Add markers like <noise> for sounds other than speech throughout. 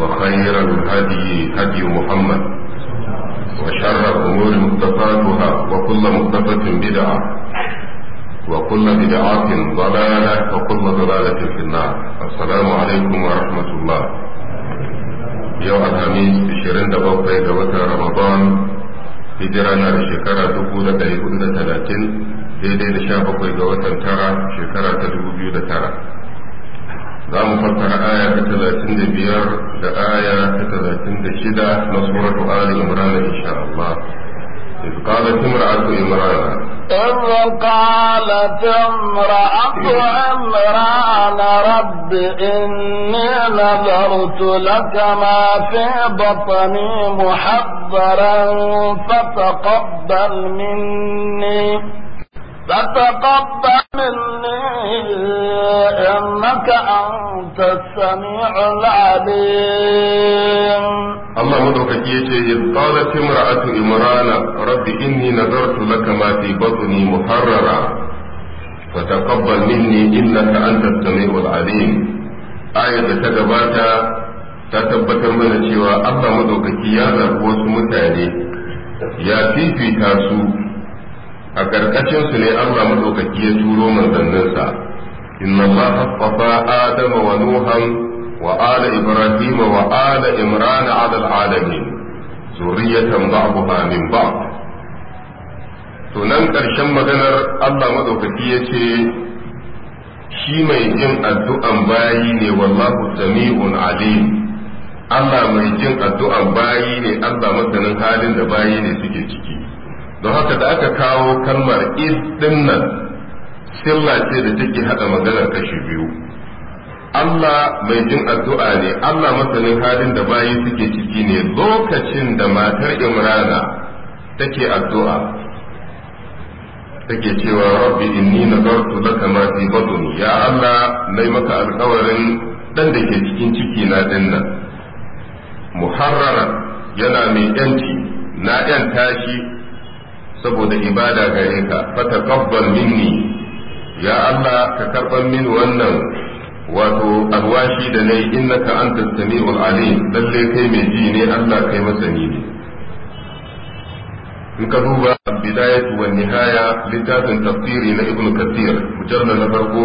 وخير الهدي هدي محمد وشر الأمور مختفاتها وكل مختفة بدعة وكل بدعة ضلالة وكل ضلالة في النار السلام عليكم ورحمة الله يوم الخميس 27 ga watan Ramadan hijira na da shekara 1430 daidai da 17 ga watan tara shekara ta 2009 za mu fassara aya ta talatin da biyar da aya ta talatin da shida na suratu ali imran insha Allah إذ قالت امرأة إمران إذ قالت امرأة إمران رب إني نذرت لك ما في بطني محضرا فتقبل مني فتقبل مني إنك أنت السميع العليم الله مدوكك يجي إذ قالت امرأة إمران رب إني نذرت لك ما في بطني محررا فتقبل مني إنك أنت السميع العليم آية تجبات ta tabbatar mana cewa Allah madaukaki ya zaɓi wasu mutane ya fifita su a ƙarƙashin su ne Allah madaukaki ya turo manzanninsa inna Allah astafa Adama wa Nuhan wa ala Ibrahim wa ala Imran ala alamin zuriyatan ba'daha min ba'd to nan ƙarshen maganar Allah madaukaki ya ce shi mai jin addu'an bayi ne wallahu sami'un alim Allah mai jin addu'an bayi ne Allah masanin halin da bayi ne suke ciki don haka da aka kawo kalmar id din nan silla ce da take hada maganar kashi biyu Allah mai jin addu'a ne Allah masanin halin da bayi suke ciki ne lokacin da matar Imrana take addu'a take cewa rabbi inni nazartu laka ma fi batni ya Allah nayi maka alƙawarin dan da ke cikin ciki na dinnan muharrara yana mai yanci na yan tashi saboda ibada gare ka fataqabbal minni ya Allah ka karban min wannan wato alwashi da nayi innaka antas samiul alim lalle kai mai ji ne Allah kai masani ne in ka duba bidayatu wa nihaya littafin tafsiri na ibnu kathir mujallal na farko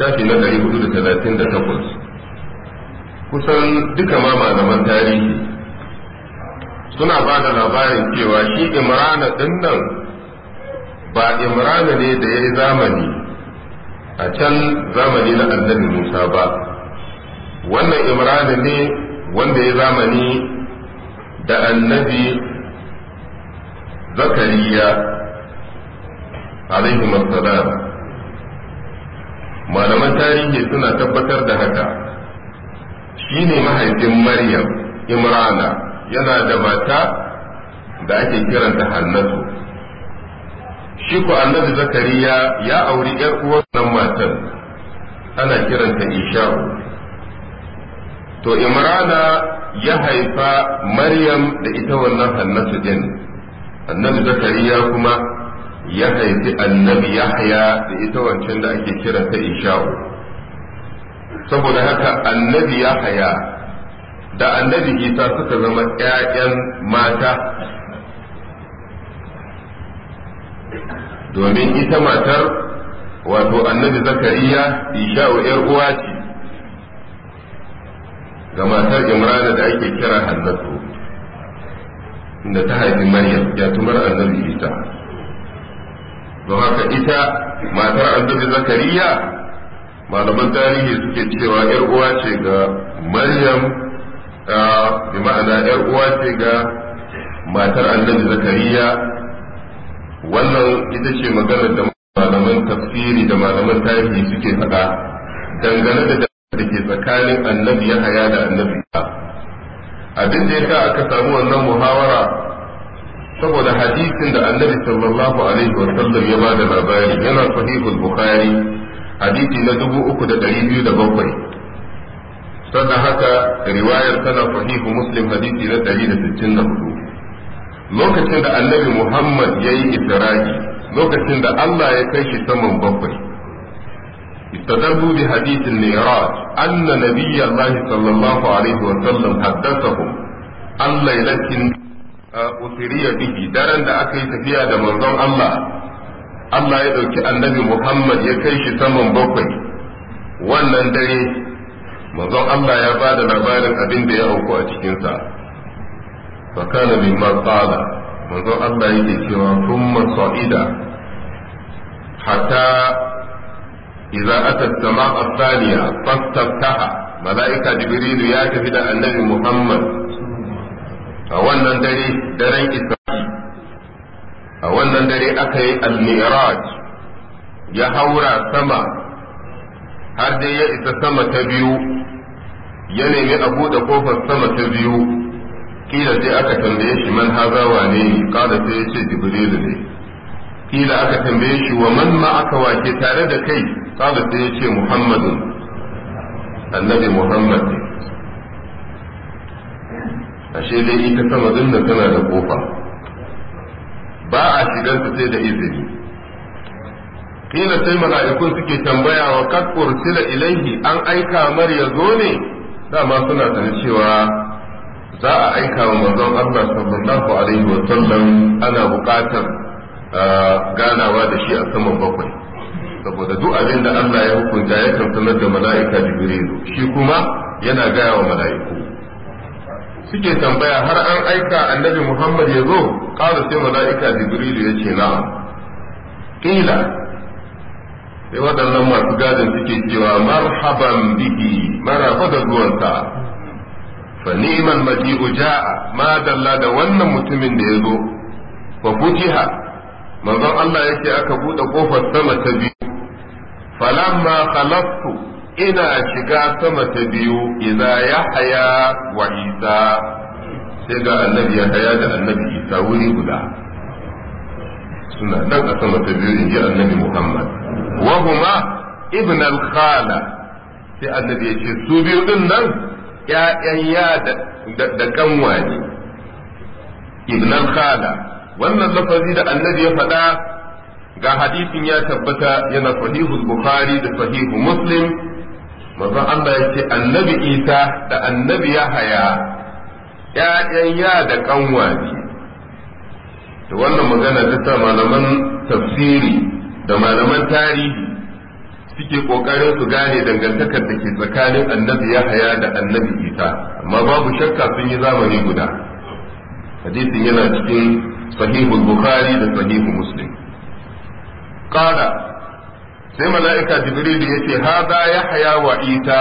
shafi na 438 kusan duka ma malaman tarihi suna ba da labarin cewa shi imrana ɗin nan ba imrana ne da ya yi zamani a can zamani na annabi musa ba wannan imrana ne wanda ya zamani da annabi zakariya alaihi salam malaman tarihi suna tabbatar da haka shi ne mahaifin maryam imrana yana da mata da ake kiranta hannatu shi ku annabi zakariya ya auri yar uwar nan matan ana kiranta isha'u to imrana ya haifa maryam da ita wannan hannatu din annabi zakariya kuma ya haifi annabi yahya da ita wancan da ake kiranta isha'u saboda haka annabi yahya da annabi isa suka zama ƴaƴan mata domin ita matar wato annabi zakariya isha'u ‘yar uwa ce ga matar imrana da ake kira hannatu inda ta haifi maryam ya tumar annabi isa don haka ita matar annabi zakariya malaman tarihi suke cewa ‘yar uwa ce ga maryam bi ma'ana yar uwa ce ga matar annabi zakariya wannan ita ce maganar da malaman tafsiri da malaman tarihi suke faɗa dangane da da ke tsakanin annabi ya haya da annabi abin da ya sa aka samu wannan muhawara saboda hadisin da annabi sallallahu alaihi wa sallam ya ba da labari yana sahihul bukhari hadisi na dubu uku da da ɗari biyu bakwai. sannan haka riwayar tana sahihu muslim hadisi na hudu. lokacin da annabi muhammad ya yi isra'i lokacin da allah ya kai shi saman bakwai استدلوا بحديث الميراج أن نبي الله صلى الله عليه وسلم حدثهم عن ليلة أسري به درا أكي تفيا منظر الله الله يدعو النبي محمد يكيش ثمن بقي وأن dare. manzon Allah ya ba da labarin abin da ya auku a cikinsa fa kana mimma qala manzon Allah yake cewa thumma sa'ida hatta idza ata as-sama'a ath-thaniya fastaftaha mala'ika jibril ya tafi da annabi Muhammad a wannan dare daren Isra'i a wannan dare aka yi al-mi'raj ya haura sama har dai ya isa sama ta biyu ya nemi a buɗe kofar sama ta biyu kila sai aka tambaye shi man haza wane ne kada sai ya ce jibrilu ne kila aka tambaye shi wa man ma aka wake tare da kai kada sai ya ce muhammadun annabi muhammad ne ashe dai ita sama dinnan tana da kofa ba a shigar sai da izini Kina sai mala'ikun suke tambaya wa kad ursila ilaihi an aika mar ya zo ne dama suna sanin cewa za a aika wa manzon Allah sallallahu alaihi wa sallam ana buƙatar ganawa da shi a saman bakwai saboda duk abin da Allah ya hukunta ya sanar da mala'ika Jibrilu shi kuma yana gaya wa mala'iku suke tambaya har an aika annabi Muhammad ya zo ƙara sai mala'ika Jibrilu ya ce na'am ƙila sai waɗannan masu gadin suke cewa marhaban bihi maraba da zuwansa fa ni'mal maji'u ja'a ma dalla da wannan mutumin da ya zo fa futiha manzon Allah yake aka buɗe kofar sama ta biyu falamma khalaftu ina shiga sama ta biyu idza yahya wa isa sai ga annabi haya da annabi isa wuri guda suna nan a sama ta biyu in ji annabi Muhammad wa huma ibn al-khala sai annabi ya ce su biyu din nan ƴaƴan ya da kanwa ne ibn al-khala wannan lafazi da annabi ya faɗa ga hadisin ya tabbata yana sahihu bukhari da sahihu muslim manzon Allah ya ce annabi Isa da annabi Yahaya ƴaƴan ya da kanwa ne da wannan magana ta sa malaman tafsiri da malaman tarihi suke kokarin su gane dangantakar da ke tsakanin annabi ya haya da annabi isa amma babu shakka sun yi zamani guda hadisin yana cikin sahihu bukhari da sahihu muslim qala sai mala'ika jibril ya haza hada haya wa ita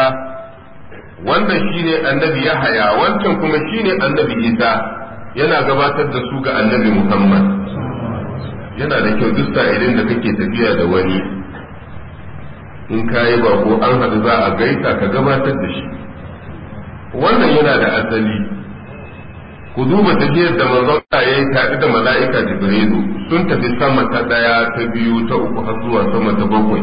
wannan shine annabi ya haya, wancan kuma shine annabi isa yana gabatar da su ga annabi Muhammad yana da kyau duk sa'ilin da kake tafiya da wani in yi bako an haɗu za a gaisa ka gabatar da shi wannan yana da asali ku duba tafiyar da manzon Allah ya yi tare da mala'ika Jibrilu sun tafi sama ta ɗaya ta biyu ta uku har zuwa sama ta bakwai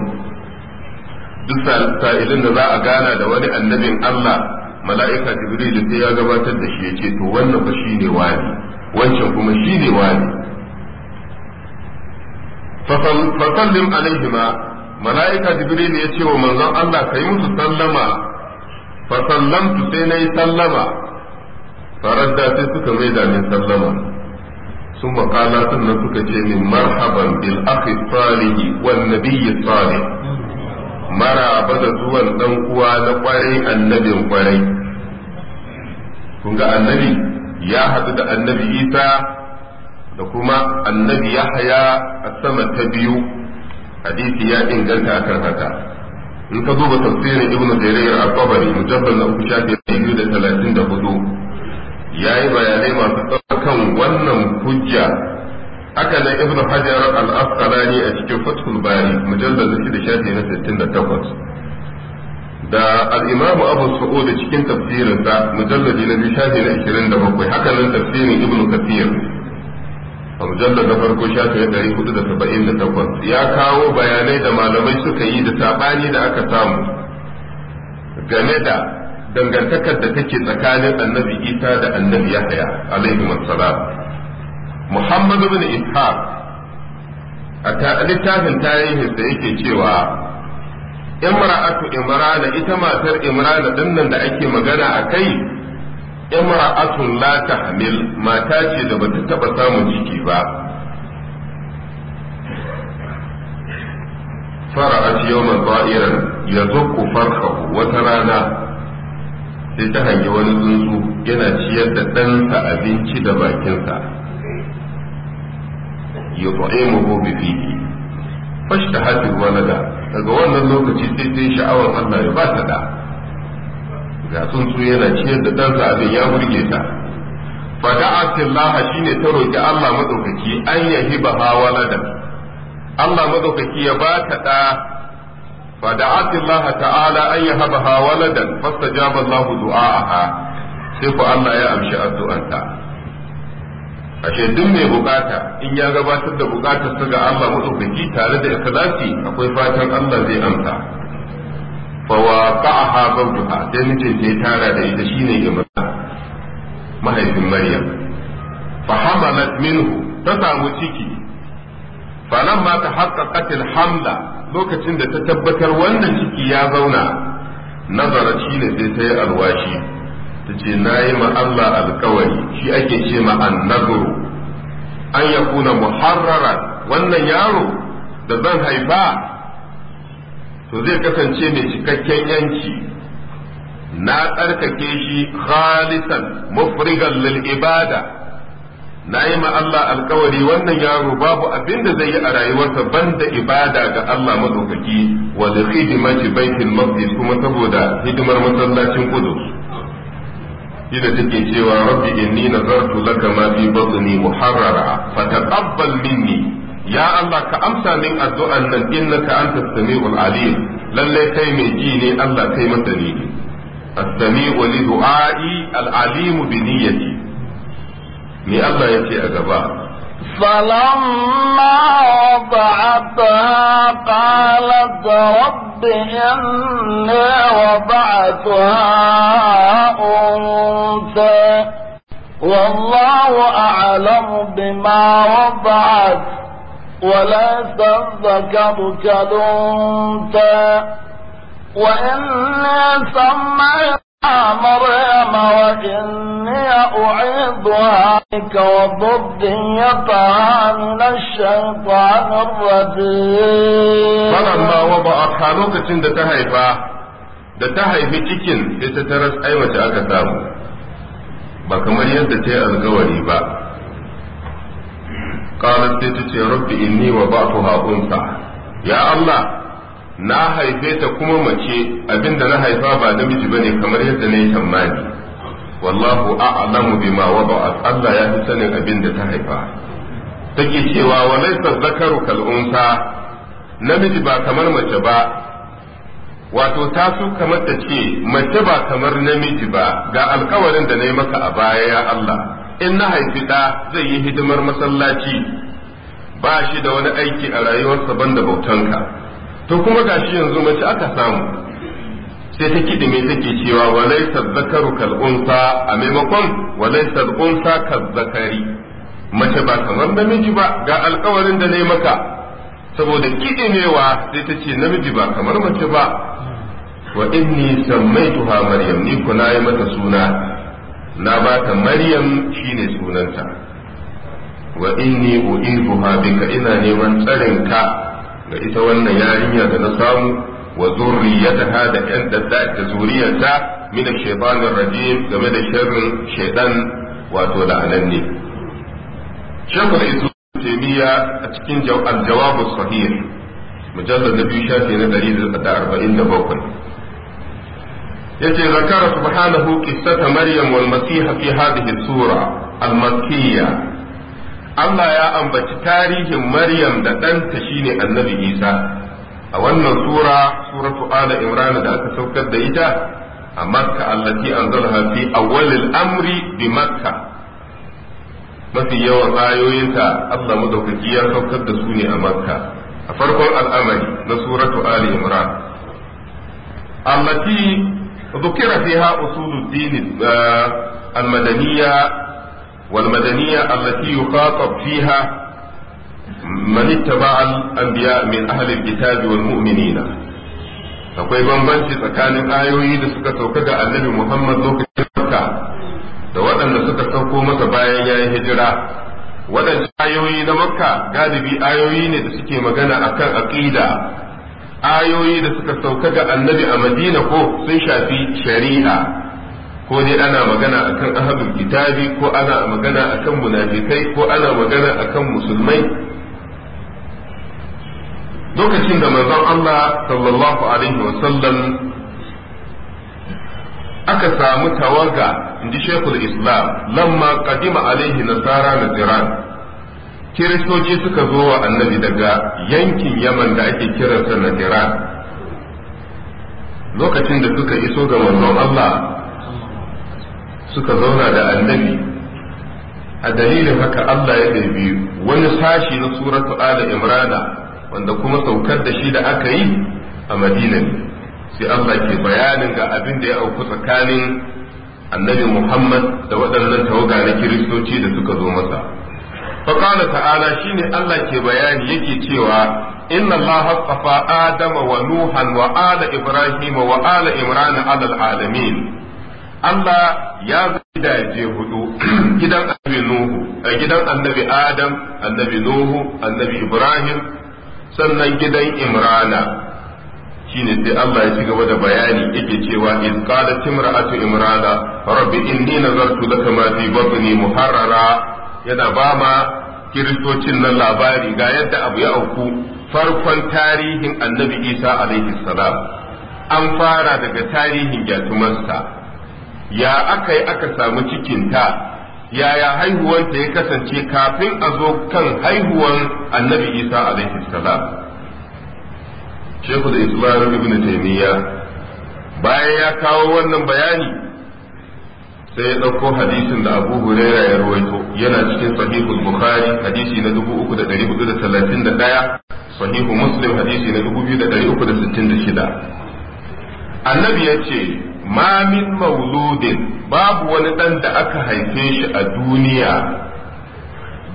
duk sa'ilin da za a gana da wani annabin Allah mala'ika jibril sai ya gabatar da shi ya ce to wannan ba shi ne wani wancan kuma shi ne wani fasallim alaihima mala'ika jibril ya ce wa manzon Allah ka yi musu sallama fasallamtu sai na yi sallama faradda sai suka mai da min sallama sun makala sun suka ce min marhaban bil akhi salihi wal nabiyyi salih mara da zuwan dan uwa na kwarai annabin kwarai kun ga annabi ya hadu da annabi isa da kuma annabi yahya a sama ta biyu hadisi ya inganta akan haka in ka duba tafsirin ibn jarir al-tabari mujabbal na uku shafi biyu da talatin da hudu ya yi bayanai masu kan wannan hujja haka nan ibn hajar al-asqalani a cikin fathul bari mujallal na shida shafi na 68 da al-imam abu sa'ud cikin tafsirin sa mujallal na biyu shafi na 27 haka nan tafsirin ibn kathir a mujallal na farko shafi na 478 ya kawo bayanai da malamai suka yi da sabani da aka samu game da dangantakar da take tsakanin annabi isa da annabi yahya alaihi wassalam Muhammadu bin ishaq a littafin tarihin da yake cewa imra'atu imrana ita matar imrana dinnan da ake magana a kai imra'atun la tahmil mata ce da bata taba samun ciki ba fara'at yawman ba'iran yazukku farkahu wata rana sai ta hangi wani tsuntsu yana ciyar da ɗansa abinci da bakinsa yut'imuhu bi fihi fashtahatu walada daga wannan lokaci sai sai sha'awar Allah ya bata da ga su yana ciyar da ɗansa abin ya burge ta Fa fada'at Allah shine ta roki Allah madaukaki an yahibaha walada Allah madaukaki ya ba ta da fada'at Allah ta'ala an yahabaha waladan fastajaba Allah du'aaha sai ku Allah ya amshi addu'anta ashe duk mai bukata in ya gabatar da bukatar ga Allah madaukaki tare da ikhlasi akwai fatan Allah zai amsa fa waqa'aha zawjuha sai mijin ne tara da ita shine mata mahaifin Maryam fa hamalat minhu ta samu ciki ma ta al-hamla lokacin da ta tabbatar wannan ciki ya zauna nazara shine sai sai alwashi ta ce na yi ma Allah alkawari shi ake ce ma an ya kuna muharrara wannan yaro da zan haifa to zai kasance mai cikakken yanci na tsarkake shi khalisan mufrigan lil ibada na yi ma Allah alkawari wannan yaro babu abin da zai yi a rayuwarsa banda ibada ga Allah madaukaki wa li khidmati baitil maqdis kuma saboda hidimar masallacin ƙudus. shi da take cewa rabbi inni nazartu laka ma fi batni muharrara fataqabbal minni ya Allah ka amsa min addu'an nan innaka antas samiul alim lalle kai mai ji ne Allah kai masani ne as-sami'u li du'ai al-alimu bi niyyati ni Allah yace a gaba فلما وضعتها قالت رب إني وضعتها أنثى والله أعلم بما وضعت وليس الذكر كالأنثى وإني سميت مريم وإني أعيدها بك وضديتها من الشيطان الرجيم فلما وضعتها لوكة تهيفا da ta haifi cikin sai ta taras ai aka samu ba kamar yadda ta yi alkawari ba qalat sai ta ce rabbi inni wa ba'tuha unsa ya Allah na haife ta kuma mace abinda na haifa ba namiji bane kamar yadda na yi tsammani wallahu a'lamu bima wada'at Allah ya fi sanin abinda ta haifa take cewa wa laysa zakaru kal unsa namiji ba kamar mace ba wato ta su kamar ta ce mace ba kamar namiji ba ga alkawarin da na yi maka a baya ya Allah in na haifi ɗa zai yi hidimar masallaci ba shi da wani aiki a rayuwarsa banda bautanka to kuma gashi yanzu mace aka samu sai ta mai take cewa walai zakaru kal unsa a maimakon walai unsa ka zakari mace ba kamar namiji ba ga alƙawarin da nayi maka saboda kidimewa sai ta ce namiji ba kamar mace ba wa inni sammaituha maryam ni kuna yi mata suna na ba ta maryam shine sunanta wa inni u'izuha bika ina neman tsarin ka da ita wannan yarinya da na samu wa zurriyataha da ƴan dadda da zuriyarta min ash-shaytanir rajim game da sharrin shaytan wato da la'ananne shaykhul isu taymiya a cikin al-jawab as-sahih mujallad nabi shafi na 147 yace zakara subhanahu qissata maryam wal masiha fi hadhihi as-sura al-makkiyya Allah ya ambaci tarihin Maryam da ɗanta shine annabi Isa a wannan sura suratu ala imran da aka saukar da ita a makka allati anzalha fi awwalil amri bi makka mafi yawan ayoyinta Allah madaukaki ya saukar da su ne a makka a farkon al'amari na suratu ali imran allati ذكر فيها أصول الدين المدنية والمدنية التي يخاطب فيها من اتبع الأنبياء من أهل الكتاب والمؤمنين akwai bambanci tsakanin ayoyi da suka sauka ga annabi Muhammad lokacin Makka da waɗanda suka sauko masa bayan ya yi hijira waɗanda ayoyi na Makka galibi ayoyi ne da suke magana akan aqida ayoyi da suka sauka ga annabi a Madina ko sun shafi shari'a ko dai ana magana akan ahlul kitabi ko ana magana akan munafikai ko ana magana akan musulmai lokacin da manzon Allah sallallahu alaihi wa sallam aka samu tawaga inji shekul islam lamma qadima alaihi nasara na Jiran, kiristoci suka zo wa annabi daga yankin yaman da ake kiransa na Jiran. lokacin da suka iso ga manzon Allah suka zauna da annabi a dalilin haka Allah ya ɗabi wani sashi na suratu ala imrana wanda kuma saukar da shi da aka yi a madina sai Allah ke bayanin ga abin da ya auku tsakanin annabi Muhammad da waɗannan tawaga na kiristoci da suka zo masa فقال تعالى شيني allah ke bayani yake cewa إن الله اصطفى آدم ونوحا وآل إبراهيم وآل إمران على العالمين Allah ya gidaje hudu <clears throat> gidan annabi Nuhu eh, gidan annabi Adam annabi Nuhu annabi Ibrahim sannan gidan Imrana shine sai Allah ya ci gaba da bayani yake cewa in qalat imra'atu imrana rabbi inni nazartu laka ma fi batni muharrara yana ba ma kiristocin nan labari ga yadda abu ya auku farkon tarihin annabi Isa alaihi salam an fara daga tarihin gyatumarsa ya aka yi aka samu cikinta yaya haihuwanta ya kasance kafin a zo kan haihuwan annabi isa alaihi salam shekul islam ibn taimiyya bayan ya kawo wannan bayani sai ya ɗauko hadisin da abu huraira ya rawaito yana cikin sahihul bukhari hadisi na 3431 sahihu muslim hadisi na 2366 annabi ya ce Mamin mauludin babu wani dan da aka haife shi a duniya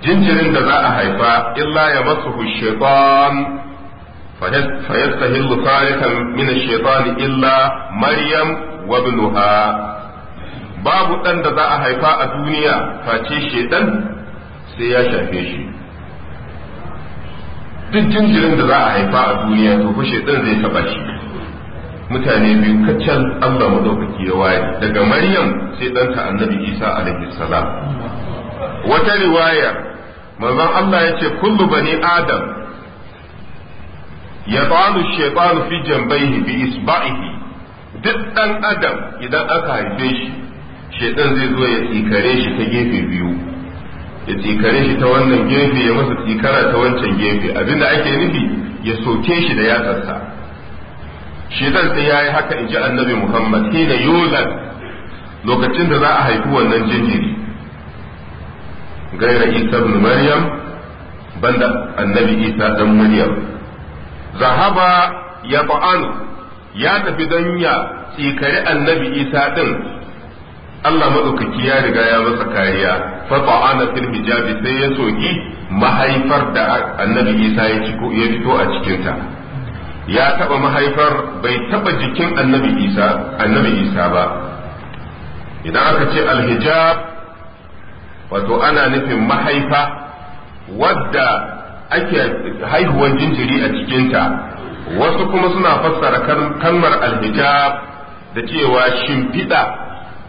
jinjirin da za a haifa illa ya masu shaitan fayastahillu tarikan min shaitan illa maryam wa ibnuha babu dan da za a haifa a duniya face shaitan sai ya shafe shi duk jinjirin da za a haifa a duniya to fa shaitan zai taba shi mutane biyu kaccan Allah madaukaki ya waye daga Maryam sai ɗanta annabi Isa alaihi salam wata riwaya, manzon Allah ya ce kullu bani adam ya tsalu shaytanu fi jambaihi bi isba'ihi duk ɗan adam idan aka haife shi shaytan zai zo ya tsikare shi ta gefe biyu ya tsikare shi ta wannan gefe ya masa tsikara ta wancan gefe abinda ake nufi ya soke shi da yatsarsa shi zan sai yi haka in ji annabi Muhammad da yuzan lokacin da za a haifi wannan jinjiri gaira Isa ibn Maryam banda annabi Isa dan Maryam zahaba ya ba'an ya tafi dan ya tsikari annabi Isa din Allah maɗaukaki ya riga ya masa kariya fa ta'ana fil hijabi sai ya soki mahaifar da annabi Isa ya fito a cikinta ya taba mahaifar bai taba jikin annabi isa annabi isa ba idan aka ce alhijab wato ana nufin mahaifa wadda ake haihuwar jinjiri a cikinta wasu kuma suna fassara kalmar alhijab da cewa shimfiɗa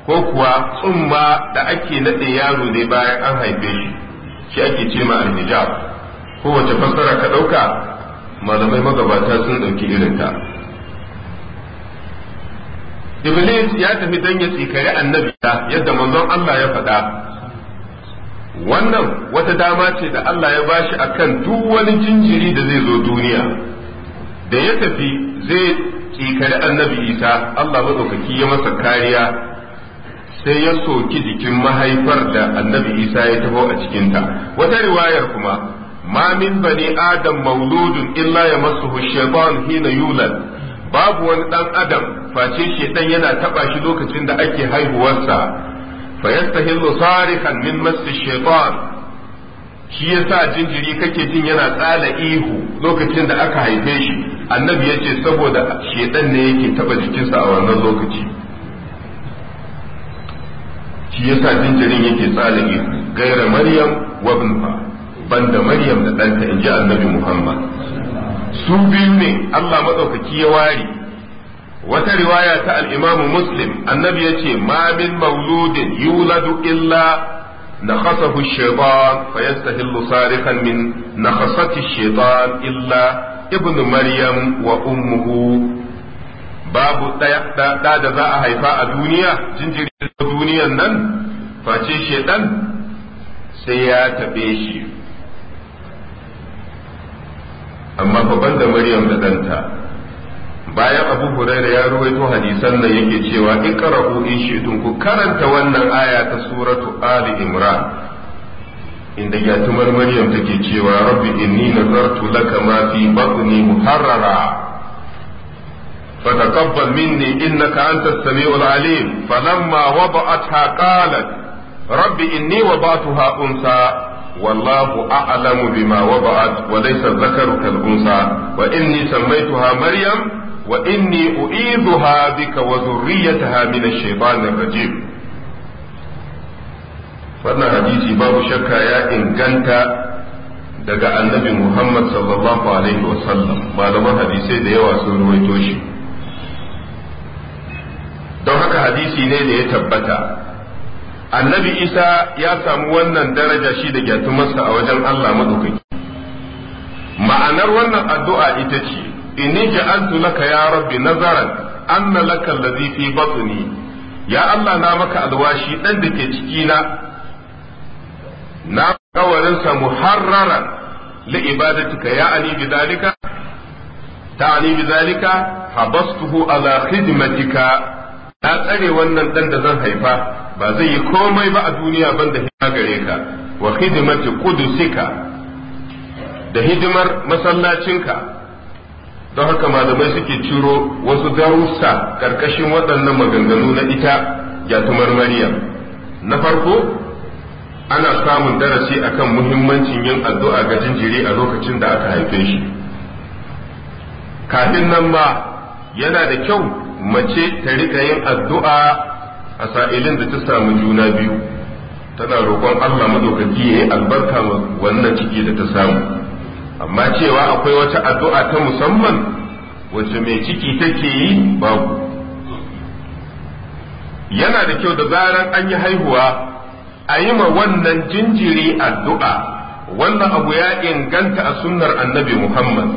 ko kuwa tsumma da ake naɗe yaro ne bayan an haife shi shi ake ce ma alhijab kowace fassara ka ɗauka malamai magabata sun ɗauki irinta iblis ya tafi don ya tsikari annabi yadda manzon Allah ya faɗa wannan wata dama ce da Allah ya bashi akan duk wani jinjiri da zai zo duniya da ya tafi zai tsikari annabi isa Allah maɗaukaki ya masa kariya sai ya soki jikin mahaifar da annabi isa ya taho a cikinta wata riwayar kuma Mamin min adam mauludun illa ya masu shaitan hina yulad babu wani dan adam face yana taba shi lokacin da ake haihuwarsa fa yastahillu sarihan min masu shaitan shi yasa jinjiri kake jin yana tsala ihu lokacin da aka haife shi annabi yace saboda shaitan ne yake taba jikinsa a wannan lokaci shi yasa jinjirin yake tsala ihu gaira maryam wa fa. banda maryam da ɗanta in ji annabi muhammad su biyu ne allah maɗaukaki ya ware wata riwaya ta al'imamu muslim annabi ya ce ma min mauludin yuladu illa نخصه الشيطان فيستهل صارخا من نخصة الشيطان إلا ابن مريم وأمه babu ɗaya ɗa da za a haifa a duniya jinjiri duniyan nan face shedan sai ya taɓe shi amma fa da maryam da danta bayan abu huraira ya ruwaito hadisan nan yake cewa iqra'u in shi'tum ku karanta wannan aya ta suratu ali imran inda yatumar maryam take cewa rabbi inni nazartu laka ma fi batni muharrara فتقبل مني إنك أنت السميع العليم فلما وضعتها قالت رب إني وضعتها أنثى والله أعلم بما وضعت وليس الذكر كالأنثى وإني سميتها مريم وإني أعيذها بك وذريتها من الشيطان الرجيم wannan hadisi babu shakka ya inganta daga annabi Muhammad sallallahu alaihi Sallam. malaman hadisai da yawa sun ruwaito shi don haka hadisi ne da ya tabbata annabi isa ya samu wannan daraja shi da gyatumarsa a wajen allah maɗaukaki ma'anar wannan addu'a ita ce inni ja'altu laka ya rabbi nazaran anna laka allazi fi batni ya allah na maka alwashi dan da ke ciki na na kawarin sa muharraran li ibadatika ya ali bidalika ta'ani bidalika habastuhu ala khidmatika na tsare wannan dan da zan haifa ba zai yi komai ba a duniya da hidima gare ka wa hidimati kudusika da hidimar masallacinka don haka malamai suke ciro wasu darussa karkashin waɗannan maganganu na ita yatumar maryam na farko ana samun darasi akan muhimmancin yin addu'a ga jinjiri a lokacin da aka haife shi kafin nan ba yana da kyau mace ta riƙa yin addu'a a sa'ilin da ta samu juna biyu tana roƙon Allah madaukaki ya yi albarka wannan ciki da ta samu amma cewa akwai wata addu'a ta musamman wacce mai ciki take yi babu yana da kyau da zarar an yi haihuwa a yi ma wannan jinjiri addu'a wannan abu ya inganta a sunnar annabi Muhammad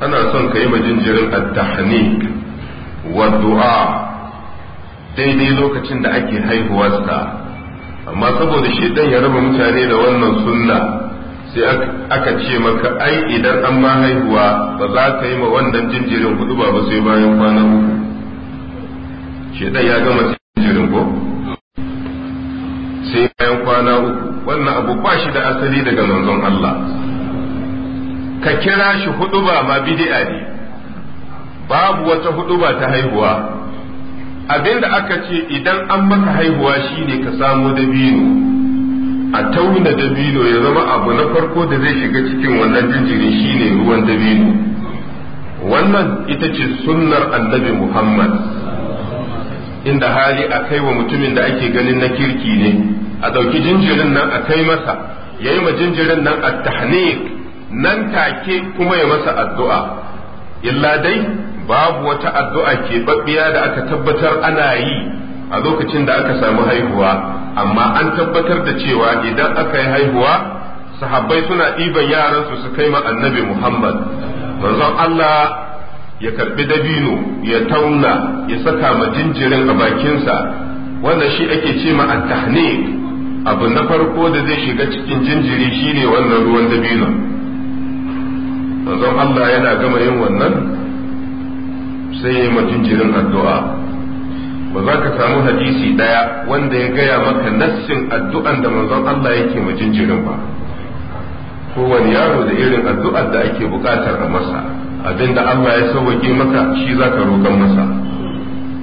ana son ka yi ma jinjirin at wa du'a daidai lokacin da ake haihuwa sa amma saboda shi dan ya raba mutane da wannan sunna sai aka ce maka ai idan an ma haihuwa ba za ka yi ma wannan jinjirin hudu ba sai bayan kwana uku shedan ya gama jinjirin ko sai bayan kwana uku wannan abu ba shi da asali daga manzon Allah ka kira shi hudu ba ma bid'a ne babu wata hudu ba ta haihuwa abinda aka ce idan an maka haihuwa shine ka samo dabino a tauna dabino ya zama abu na farko da zai shiga cikin wannan jinjirin shine ruwan dabino wannan ita ce sunnar annabi muhammad inda hali a kai wa mutumin da ake ganin na kirki ne a ɗauki jinjirin nan a kai masa ya yi ma jinjirin nan a tahnik nan take kuma ya masa addu'a illa dai babu wata addu'a keɓaɓɓiya da aka tabbatar ana yi a lokacin da aka samu haihuwa amma an tabbatar da cewa idan aka yi haihuwa sahabbai suna ɗiban yaransu su kai ma annabi muhammad manzon allah ya karbi dabino ya tauna ya saka ma jinjirin a bakinsa wannan shi ake ce ma attahnik abu na farko da zai shiga cikin jinjiri shine wannan ruwan dabino manzon allah yana gama yin wannan sai ya yi jirin addu'a ba za ka samu hadisi ɗaya wanda ya gaya maka nassin addu'an da manzon Allah yake jinjirin ba kowane yaro da irin addu'ar da ake bukatar a masa abinda Allah ya sauwaƙe maka shi za ka roƙon masa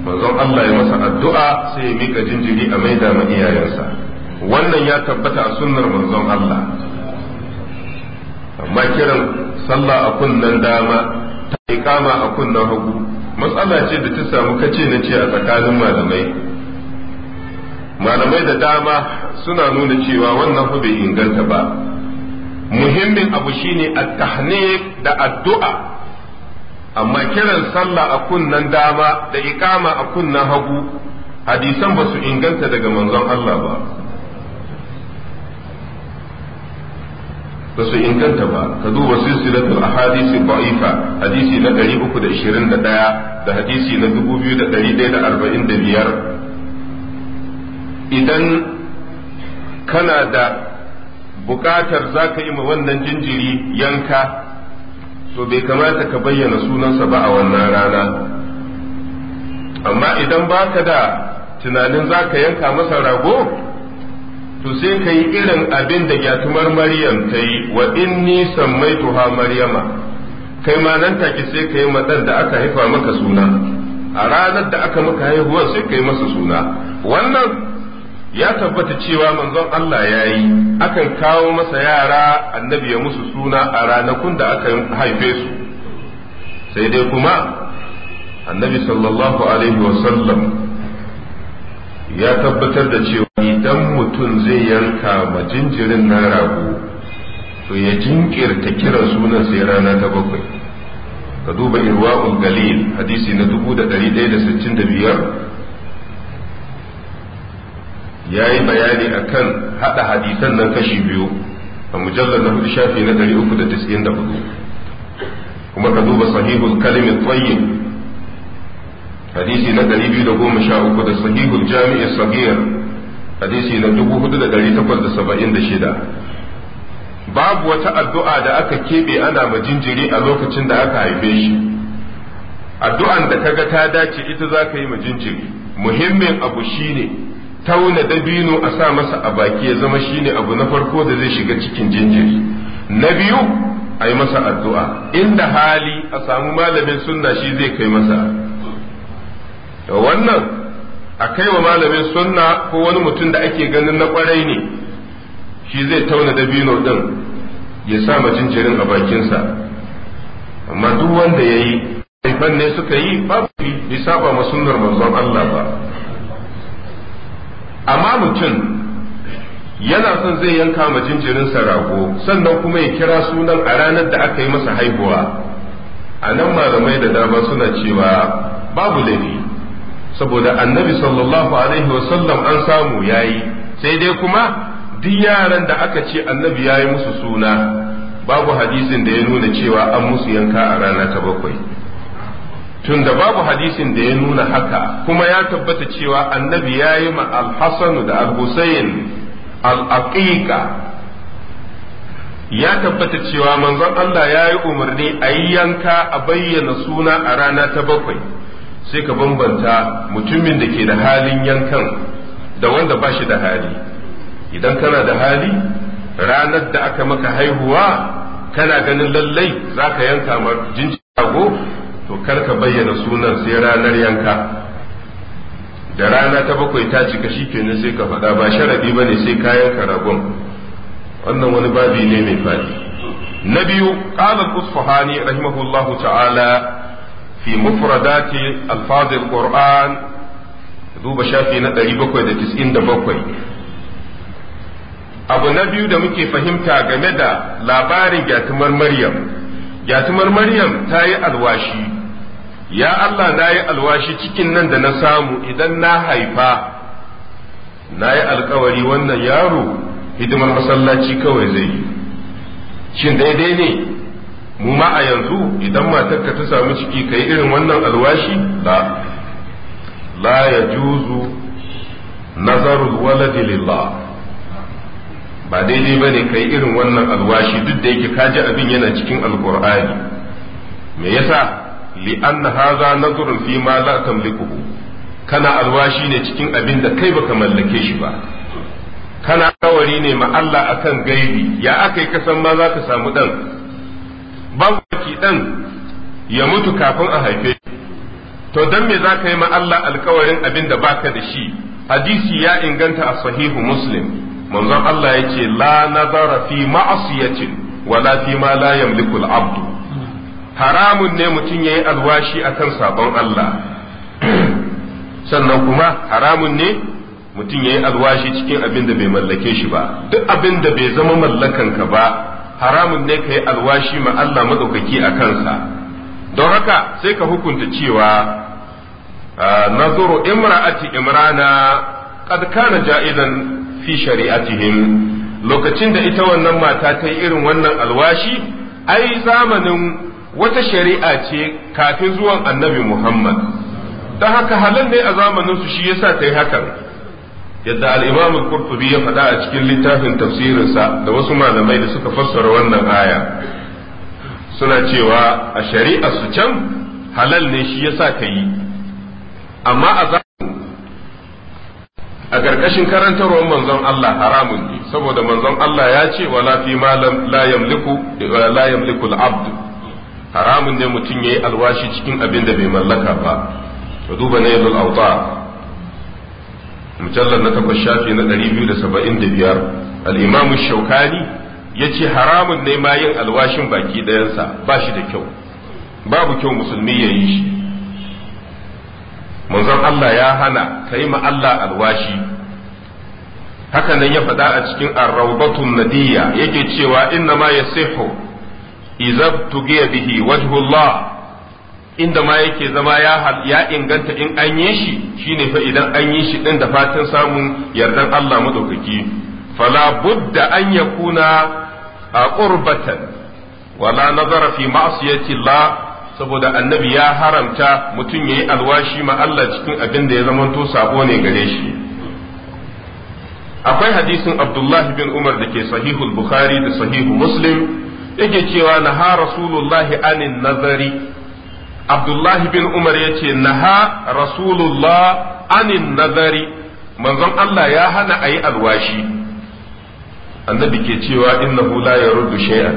manzon Allah ya masa addu'a sai ya mika jinjiri a maida ma iyayensa wannan ya tabbata a sunnar manzon Allah amma kiran sallah a kunnen dama ta ikama a kunnen hagu matsala ce da ta samu kace na ce a tsakanin malamai malamai da dama suna nuna cewa wannan fa bai inganta ba muhimmin abu shine at-tahniq da addu'a amma kiran sallah a kunnan dama da ikama a kunnan hagu hadisan ba su inganta daga manzon Allah ba ba su inganta ba ka duba hadisi ahadisi da'ifa hadisi na 321 da hadisi na 2145 idan kana da bukatar za ka yi ma wannan jinjiri yanka to bai kamata ka bayyana sunansa ba a wannan rana amma idan baka da tunanin za ka yanka masa rago to sai ka yi irin abin da gyatumar maryam ta yi wa sammai tuha maryama kai ma nan take sai ka yi da aka haifa maka suna a ranar da aka maka haihuwar sai ka yi masa suna wannan ya tabbata cewa manzon Allah ya yi akan kawo masa yara annabi ya musu suna a ranakun da aka haife su sai dai kuma annabi sallallahu alaihi wasallam ya tabbatar da cewa idan mutum zai yanka majinjirin na rago to ya jinkirta kiran sunan sai rana ta bakwai ka duba irwa'un galil hadisi na 1165 ya yi bayani akan haɗa hadisan nan kashi biyu a mujallar na hudu shafi na 394 kuma ka duba sahihul kalimin tsayin hadisi na biyu da sahihul jami'i sagir hadisi na shida babu wata addu'a da aka keɓe ana ma jinjiri a lokacin da aka haife shi addu'an da kaga ta dace ita za ka yi ma jinjiri muhimmin abu shine tauna dabino a sa masa a baki ya zama shine abu na farko da zai shiga cikin jinjiri na biyu a yi masa addu'a inda hali a samu malamin sunna shi zai kai masa to wannan a kai wa malamin sunna ko wani mutum da ake ganin na kwarai ne shi zai tauna dabino din ya sa majinjirin a bakinsa amma duk wanda ya yi haifan ne suka yi babu bai saba ma sunnar manzon Allah ba amma mutum yana son zai yanka ma jinjirinsa rago sannan kuma ya kira sunan a ranar da aka yi masa haihuwa a nan malamai da dama suna cewa babu laifi saboda annabi sallallahu alaihi wasallam an samu yayi sai dai kuma duk yaran da aka ce annabi yayi musu suna babu hadisin da ya nuna cewa an musu yanka a rana ta bakwai tunda babu hadisin da ya nuna haka kuma ya tabbata cewa annabi yayi ma al-hasan da al-husayn al-aqiqa ya tabbata cewa manzon Allah yayi umarni a yanka a bayyana suna a rana ta bakwai sai ka bambanta mutumin da ke da halin yankan da wanda ba shi da hali idan kana da hali ranar da aka maka haihuwa kana ganin lallai za ka yanka ma jinjago to kar ka bayyana sunan sai ranar yanka da rana ta bakwai ta cika shi kenan sai ka faɗa ba sharaɗi ba ne sai ka yanka ragon wannan wani babi ne mai faɗi na biyu ƙalar usfahani rahimahullahu ta'ala fi mufradati alfazil qur'an duba shafi na 797 abu na biyu da muke fahimta game da labarin gyatumar maryam gyatumar maryam ta yi alwashi ya allah na yi alwashi cikin nan da na samu idan na haifa na yi alkawari wannan yaro hidimar masallaci kawai zai yi shin daidai ne mu ma a yanzu idan matar ka ta samu ciki ka yi irin wannan alwashi la la ya juzu nazarul waladi lillah ba daidai ba ne ka yi irin wannan alwashi duk da yake kaji abin yana cikin alkur'ani me yasa anna haza nazarun fi ma la tamlikuhu kana alwashi ne cikin abin da kai baka mallake shi ba kana kawari ne ma Allah akan gaibi ya akai kasan ma za ka samu dan bawaki ɗan ya mutu kafin a haife to dan me za ka yi ma Allah alkawarin abin da baka da shi hadisi ya inganta a sahihu muslim manzon Allah ya ce la nazara fi ma'asiyatin wala fi ma la yamliku al'abd haramun ne mutum yayi alwashi akan sabon Allah <clears throat> sannan kuma haramun ne mutum yayi alwashi cikin abin da bai mallake shi ba duk abin da bai zama mallakan ka ba haramun ne ka yi alwashi ma Allah maɗaukaki a kansa don haka sai ka hukunta cewa ah, nazuru imra'ati imrana qad kana ja'izan fi shari'atihim lokacin da ita wannan mata ta yi irin wannan alwashi ai zamanin wata shari'a ce kafin zuwan annabi Muhammad don haka halal ne a zamanin su shi yasa ta yi hakan yadda al-imam ya faɗa a cikin littafin tafsirinsa da wasu malamai da suka fassara wannan aya suna cewa a shari'a su can halal ne shi yasa ka yi amma a a ƙarƙashin karantarwar manzon Allah haramun ne saboda manzon Allah ya ce wala fi malam la yamliku la yamliku al-abd haramun ne mutum yayi alwashi cikin abin da bai mallaka ba duba yadda awtar mujallar na takwas shafi na 275 al-imam shaukani yace haramun ne ma yin alwashin baki ɗayansa ba shi da kyau babu kyau musulmi ya yi shi manzon Allah ya hana kai ma Allah alwashi haka nan ya faɗa a cikin ar-rawdatun nadiyya yake cewa inna ma yasihu idza tugiya bihi wajhullah inda ma yake zama ya ya inganta in an yi shi shine fa idan an yi shi din da fatan samun yardan Allah madaukaki fala budda an yakuna qurbatan wala nazara fi ma'siyati Allah saboda annabi ya haramta mutum yayi alwashi ma Allah cikin abin da ya zamanto sabo ne gare shi akwai hadisin Abdullah bin Umar da ke sahihul Bukhari da sahihu Muslim yake cewa naha Rasulullahi anin nazari abdullahi bin umar ya ce naha rasulullah anin nazari manzon Allah ya hana a yi alwashi annabi ke cewa hula la yaruddu shay'an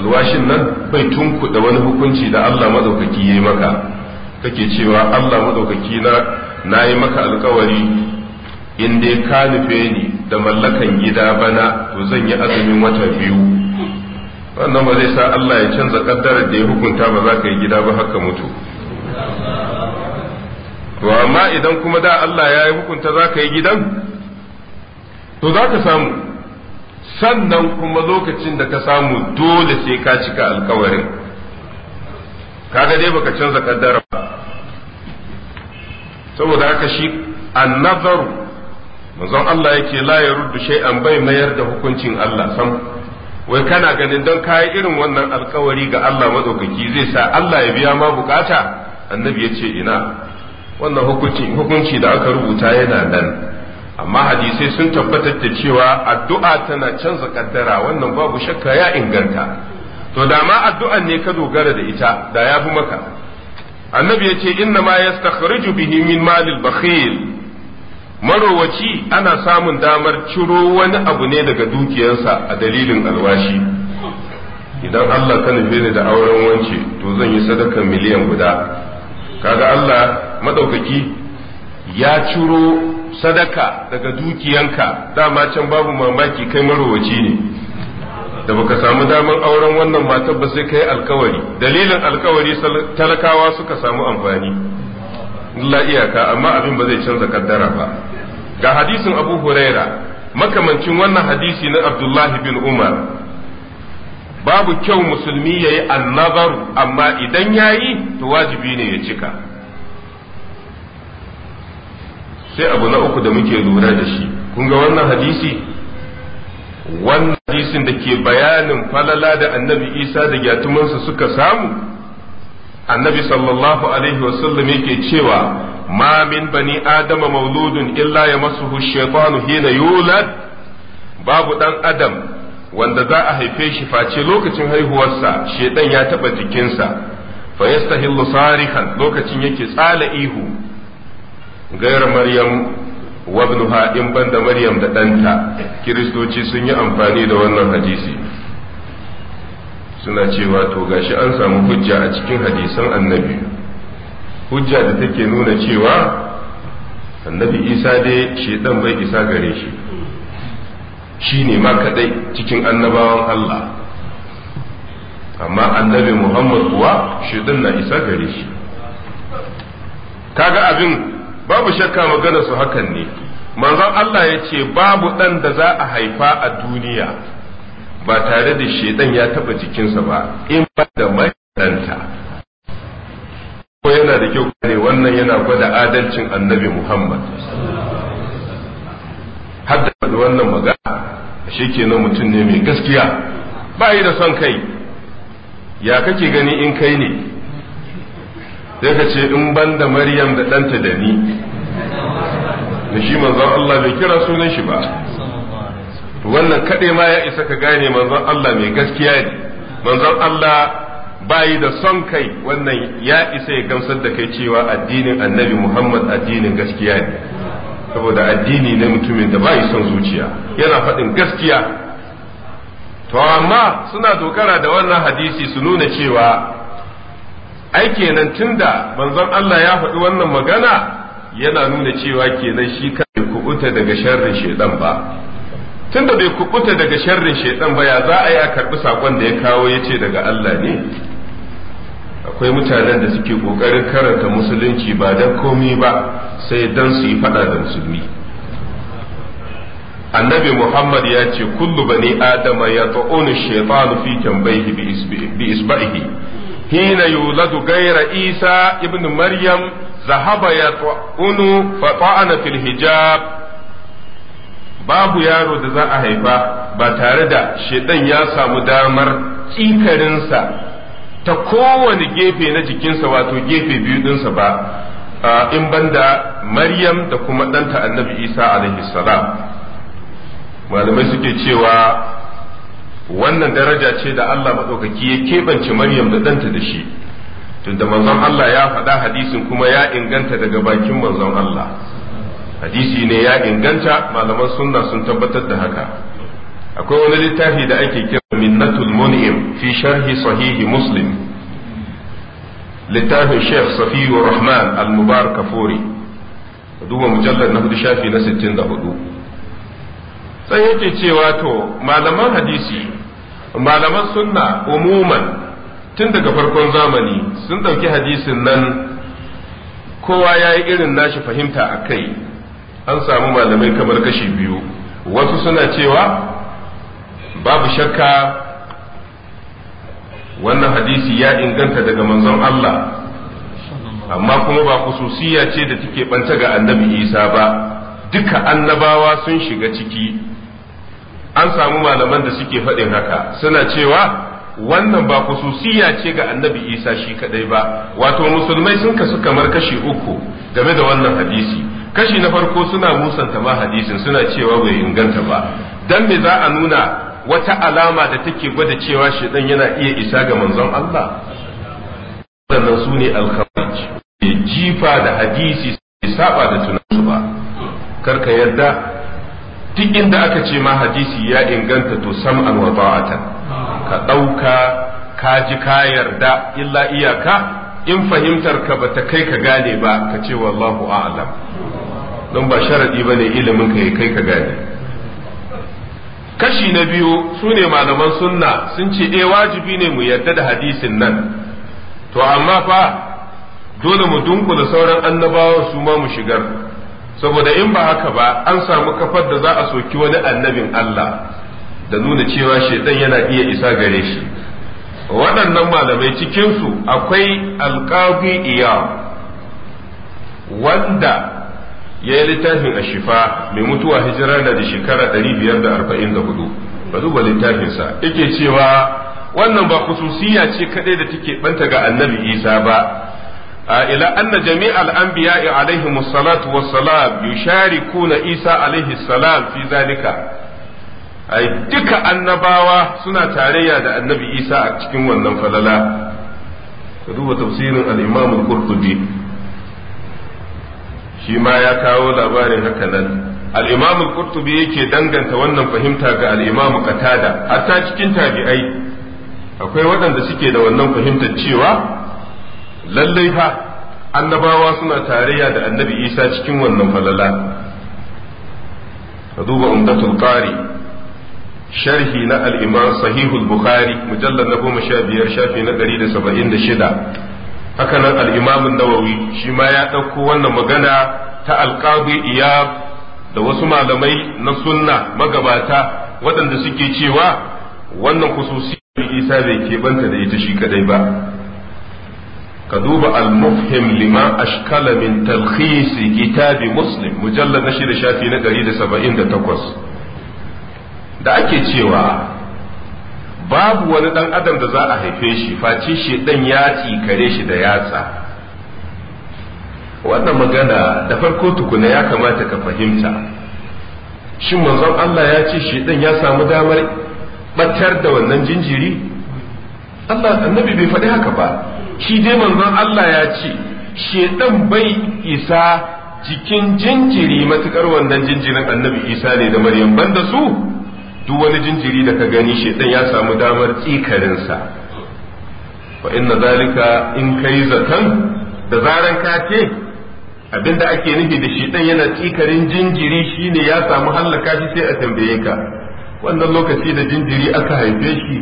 alwashin nan bai tunkuɗa wani hukunci da Allah maɗaukaki ya yi maka kake cewa Allah madaukaki na na yi maka alkawari in dai ka nufe ni da mallakan gida bana to zan yi azumin wata biyu wannan ba zai sa Allah ya canza kaddarar da ya hukunta ba za ka yi gida ba haka mutu to amma idan kuma da Allah ya yi hukunta za ka yi gidan to za ka samu sannan kuma lokacin da ka samu dole sai ka cika alkawarin kaga dai baka canza kaddara ba saboda haka shi annazaru manzon Allah yake la ya ruddu shay'an bai mayar da hukuncin Allah sam wai kana ganin don kayi irin wannan alkawari ga Allah maɗaukaki zai sa Allah ya biya ma bukata annabi ya ce ina wannan hukunci da aka rubuta yana nan amma hadisai sun tabbatar da cewa addu'a tana canza kaddara wannan babu shakka ya inganta to dama addu'an ne ka dogara da ita da ya fi maka annabi ya ce inna ma yastakhriju bihi min malil bakhil marowaci ana samun damar ciro wani abu ne daga dukiyarsa a dalilin alwashi idan Allah ka nufe ni da auren wance to zan yi sadaka miliyan guda kaga Allah madaukaki ya ciro sadaka daga dukiyanka dama can babu mamaki kai marowaci ne da baka samu damar auren wannan matar ba sai kai alkawari dalilin alkawari talakawa suka samu amfani Allah iyaka amma abin ba zai canza kaddara ba ga hadisin abu huraira makamancin wannan hadisi na abdullahi bin umar babu kyau musulmi ya yi annabar, amma idan ya yi to wajibi ne ya cika sai abu na uku da muke lura da shi kun ga wannan hadisi wannan hadisin da ke bayanin falala da annabi isa da gyatumansa suka samu annabi sallallahu alaihi wasallam yake cewa ma min bani adama mauludun illa ya masu shaitanu hina yulad babu dan adam wanda za a haife shi face lokacin haihuwarsa shaitan ya taba jikinsa fa yastahillu sarihan lokacin yake tsala ihu gaira maryam wabnuha in banda maryam da ɗanta kiristoci sun yi amfani da wannan hadisi suna cewa to gashi an samu hujja a cikin hadisan annabi hujja da take nuna cewa annabi isa dai shedan bai isa gare shi shi ne ma kadai cikin annabawan allah amma annabi muhammad kuwa shedan na isa gare shi kaga abin babu shakka magana su hakan ne manzon allah ya ce babu ɗan da za a haifa a duniya ba tare da shedan ya taba jikinsa ba in ba da makaranta ko yana da kyau ne wannan yana gwada adalcin annabi muhammad har da wannan magana shi kenan mutum ne mai gaskiya ba yi da son kai ya kake gani in kai ne sai ka ce in ban da maryam da ɗanta da ni da shi manzon allah bai kira sunan shi ba to wannan kaɗai ma ya isa ka gane manzon Allah mai gaskiya ne manzon Allah bayi da son kai wannan ya isa ya gamsar da kai cewa addinin annabi Muhammad addinin gaskiya ne saboda addini ne mutumin da bayi son zuciya yana faɗin gaskiya to amma suna dogara da wannan hadisi su nuna cewa ai kenan tunda manzon Allah ya faɗi wannan magana yana nuna cewa kenan shi kai kubuta daga sharrin shedan ba tun da bai kubuta daga sharrin shaitan ba ya za a yi a karbi sakon da ya kawo ya ce daga Allah ne akwai mutanen da suke ƙoƙarin karanta musulunci ba don komi ba sai don su yi faɗa da musulmi annabi muhammad ya ce kullu bani adama ya ta'onu shaitanu fi bi isba'ihi hina yuladu gaira isa ibn maryam zahaba ya ta'onu fata'ana fil hijab babu yaro da za a haifa ba tare da shedan ya samu damar tsikarinsa ta kowane gefe na jikinsa wato gefe biyu dinsa ba in banda maryam da kuma ɗanta annabi isa alaihi salam malamai suke cewa wannan daraja ce da allah maɗaukaki ya keɓance maryam da ɗanta da shi tunda manzon allah ya faɗa hadisin kuma ya inganta daga bakin manzon allah hadisi ne ya inganta malaman sunna sun tabbatar da haka akwai wani littafi da ake kira minnatul mun'im fi sharhi sahihi muslim littafin sheikh safiyu rahman al kafuri duba mujallar na hudu shafi na 64 sai yake cewa to malaman hadisi malaman sunna umuman tun daga farkon zamani sun ɗauki hadisin nan kowa ya yi irin nashi fahimta a kai an samu malamai kamar kashi biyu wasu suna cewa babu shakka wannan hadisi ya inganta daga manzon Allah amma kuma ba kususiya ce da take banta ga annabi isa ba duka annabawa sun shiga ciki an samu malaman da suke faɗin haka suna cewa wannan ba kususiya ce ga annabi isa shi kadai ba wato musulmai sun kasu kamar kashi uku game da wannan hadisi kashi na farko suna musanta ma hadisin suna cewa bai inganta ba dan me za a nuna wata alama da take gwada cewa shedan yana iya isa ga manzon Allah sannan su ne alkhawarij jifa da hadisi sai saba da tunansu ba karka yarda duk inda aka ce ma hadisi ya inganta to sam'an wa ta'atan ka dauka ka ji ka yarda illa iyaka in fahimtar ka bata kai ka gane ba ka ce wallahu a'lam don ba sharadi bane ilimin ka kai ka gane kashi na biyu su ne malaman sunna sun ce eh wajibi ne mu yarda da hadisin nan to amma fa dole mu dunkula sauran annabawa su ma mu shigar saboda in ba haka ba an samu kafar da za a soki wani annabin Allah da nuna cewa shaitan yana iya isa gare shi waɗannan malamai cikinsu akwai alƙawi iya wanda ya yi littafin a shifa mai mutuwa hijira na da shekara 544 ba duba littafinsa yake cewa wannan ba kususiya ce kadai da take banta ga annabi isa ba ila anna jami'al anbiya'i alaihi salatu wassalam yusharikuna isa alaihi salam fi zalika ai duka annabawa suna tarayya da annabi isa a cikin wannan falala ka duba tafsirin al-imam al-qurtubi shi ma ya kawo labarin haka nan al kurtubi yake danganta wannan fahimta ga al katada hatta cikin tabi'ai akwai waɗanda suke da wannan fahimtar cewa lallai fa annabawa suna tarayya da annabi isa cikin wannan falala ka duba umdatul qari sharhi na alimam sahihul bukhari mujallar na goma sha biyar shafi na ɗari da saba'in da shida haka nan al shima nawawi shi ma ya ɗauko wannan magana ta alqadi iyab da wasu malamai na sunna magabata waɗanda suke cewa wannan khususiyar isa bai keɓanta da ita shi kadai ba ka duba al-mufhim lima ashkala min talkhis kitabi muslim mujallad na shida shafi na 178 da ake cewa babu wani dan adam da za a haife shi face shi dan ya kare shi da yatsa wannan magana da farko tukuna ya kamata ka fahimta shin manzon Allah ya ce shi dan ya samu damar batar da wannan jinjiri Allah annabi bai faɗi haka ba shi dai manzon Allah ya ce shedan bai isa jikin jinjiri matukar wannan jinjirin annabi isa ne da maryam banda su duk wani jinjiri da ka gani shedan ya samu damar tsikarinsa wa inna zalika in kai zaton da zaran ka ce abinda ake nufi da shedan yana tsikarin jinjiri shine ya samu hallaka shi sai a tambaye ka wannan lokaci da jinjiri aka haife shi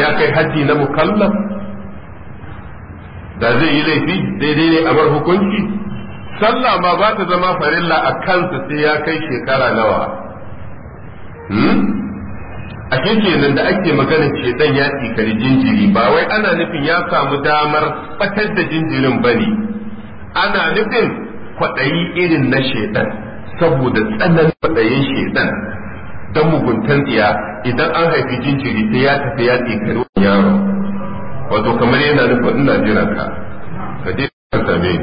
ya kai haddi na mukallaf da zai yi laifi daidai ne a bar hukunci sallah ma ba ta zama farilla a kansa sai ya kai shekara nawa hmm? a kenan da ake magana shedan ya tsikari jinjiri ba wai ana nufin ya samu damar fatar da jinjirin bane ana nufin kwaɗayi irin na shedan saboda tsananin kwaɗayin shedan don muguntan tsiya idan an haifi jinjiri sai ya tafi ya tsikari wani yaro wato kamar yana nufin ina jiran ka ka je ka same ni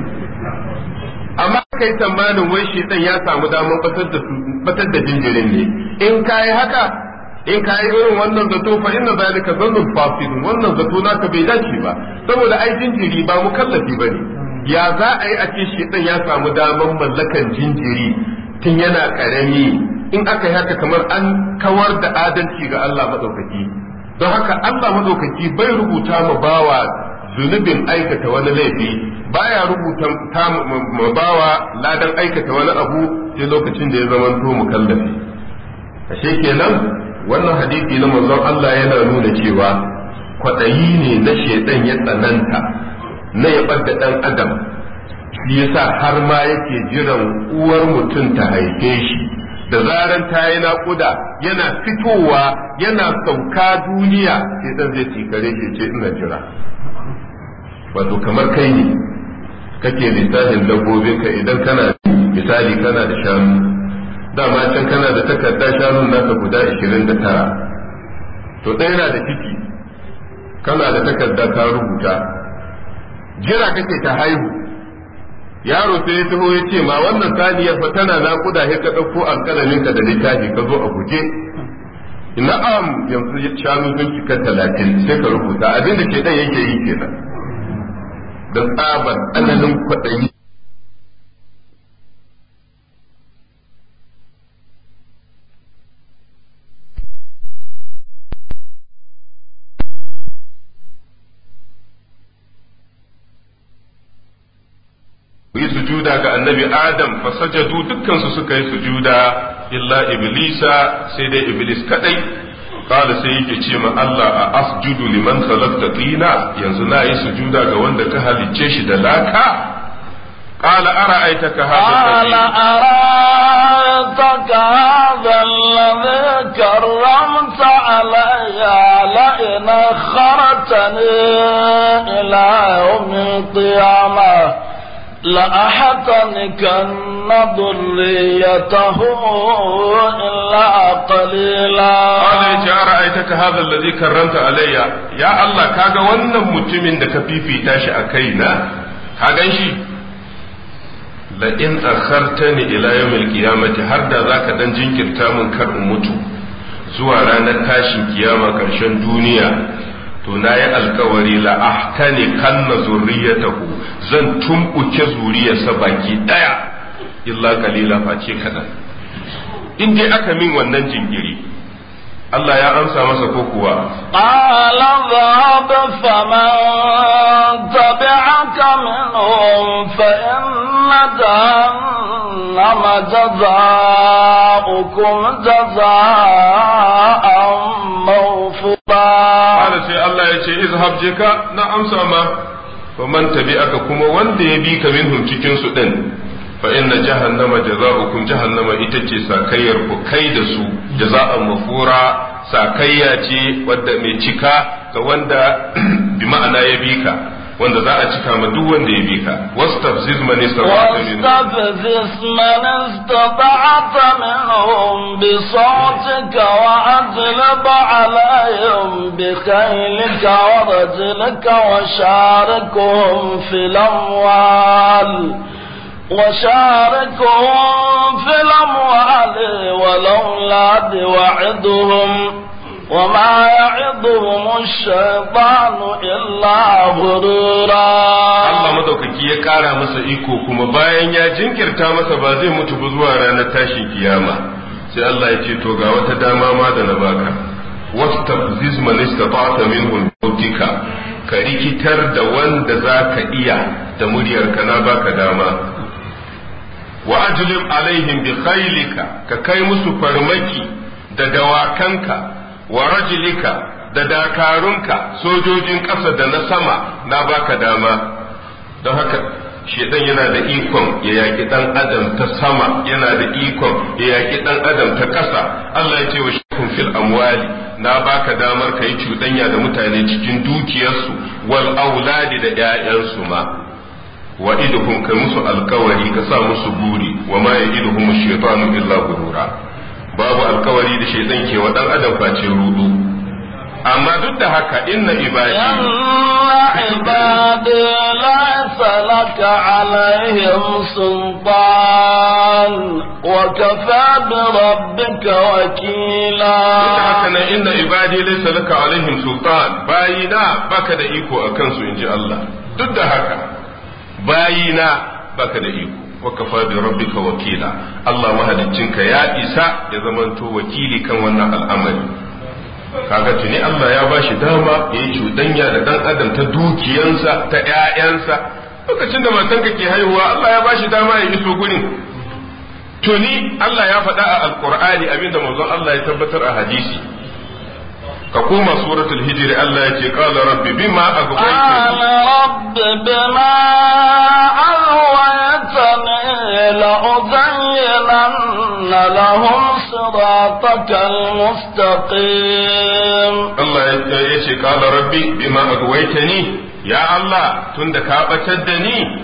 amma kai tsammanin wai shedan ya samu damar fatar da jinjirin ne in kayi haka in ka yi irin wannan zato fa inna zalika zannun fasidun wannan zato naka bai dace ba saboda ai jinjiri ba mukallafi bane ya za a yi a ce shi ya samu daman mallakan jinjiri tun yana karami in aka yi haka kamar an kawar da adalci ga Allah madaukaki don haka Allah madaukaki bai rubuta ma bawa zunubin aikata wani laifi baya rubuta ma bawa ladan aikata wani abu sai lokacin da ya zamanto mukallafi ashe kenan wannan hadisi na manzon Allah yana nuna cewa kwaɗayi ne na shaidan ya tsananta na ya ɓadda ɗan adam shi yasa har ma yake jiran uwar mutum ta haife shi da zaran ta yi naƙuda yana fitowa yana sauka duniya sai dan zai kare shi ce ina jira wato kamar kai ne kake lissafin dabbobinka idan kana misali kana da shanu dama can kana da takarda shanun naka guda da tara. to ɗaya na da ciki kana da takarda ka rubuta jira kake ta haihu yaro sai ya taho ya ce ma wannan saniyar fa tana kuda ya ka ɗauko alƙalamin ka da littafi ka zo a guje na'am yanzu shanu sun cika talatin sai ka rubuta abinda ke ɗan yake yi kenan da tsaban tsananin kwaɗayi annabi adam fasajadu dukkan suka yi sujuda illa iblisa sai dai iblis kadai kala sai yake ce ma Allah a asjudu liman khalaqta tina yanzu na yi sujuda ga wanda ka halicce shi da laka قال أرأيتك هذا الذي قال أرأيتك هذا الذي كرمت علي لئن أخرتني إلى يوم القيامة لأحتنكن ذريته إلا قليلا قال يا أرأيتك هذا الذي كرمت علي يا الله كاغا wannan mutumin da ka fifita shi a kaina ka ganshi? shi la in ila yawmil qiyamati har da zaka ɗan jinkirta min kar in mutu zuwa ranar tashin kiyama karshen duniya to na yi alkawari la'ahtani kanna zurriyatahu zan tumbuke zuriyarsa baki daya illa kalila face kadan in dai aka min wannan jingiri Allah ya amsa masa ko kuwa qala dhahab faman tabi'aka minhum fa inna jahannama jazaa'ukum jazaa'an mawfu kuffa sai Allah ya ce izhab je ka na amsa ma fa man tabi'aka kuma wanda ya bi ka minhum cikin su din fa inna jahannama jazaukum jahannama ita ce sakayyar ku kai da su jaza'an mafura sakayya ce wadda mai cika ga wanda <clears throat> bi ma'ana ya bika. wanda za a cika ma duk wanda ya bi ka wastafziz man istata'ta minhum wastafziz man istata'ta minhum bi sawtika wa ajlib alayhim bi khaylika wa rajlika wa sharakum fil amwal وشاركهم في الأموال والأولاد وعدهم وما يعظهم الشيطان إلا غرورا Allah madaukaki ya kara masa iko kuma bayan ya jinkirta masa ba zai mutu ba zuwa ranar tashin kiyama sai Allah ya ce to ga wata dama ma da na baka wastabziz man istata'ta minhu bautika ka rikitar da wanda zaka iya da muryarka na baka dama wa ajlim alaihim bi khailika ka kai musu farmaki da dawakanka Warajilika da dakarunka sojojin ƙasa da na sama na baka dama don haka shedan yana da ikon ya yaƙi ɗan adam ta sama yana da ikon ya yaƙi ɗan adam ta ƙasa Allah ya ce wa shakun fil amwali na baka damar ka yi cuɗanya da mutane cikin dukiyarsu wal auladi da ƴaƴansu ma wa iduhum ka musu alkawari ka sa musu buri wa ma ya iduhum shaytanu illa gurura babu alkawari da shaitan ke wa dan adam face rudu amma duk da haka inna ibadi inna ibadi la salaka alaihim sultan wa kafa bi rabbika wakila duk haka nan inna ibadi la salaka alaihim sultan bayina baka da iko akan su inji Allah duk da haka bayina baka da iko wa kafa bi rabbika wakila Allah mahaliccinka ya isa ya zamanto wakili kan wannan al'amari kaga tuni Allah ya bashi dama ya yi da dan adam ta dukiyansa ta ƴaƴansa lokacin da matanka ke haihuwa Allah ya bashi dama ya iso gurin tuni Allah ya faɗa a alqur'ani abinda manzon Allah ya tabbatar a hadisi ka koma suratul hijri Allah ya ce qala rabbi bima aghwaytani rabbi bima aghwaytani لأضيلن لهم صراطك المستقيم الله يتشي قال ربي بما أغويتني يا الله تندك أبتدني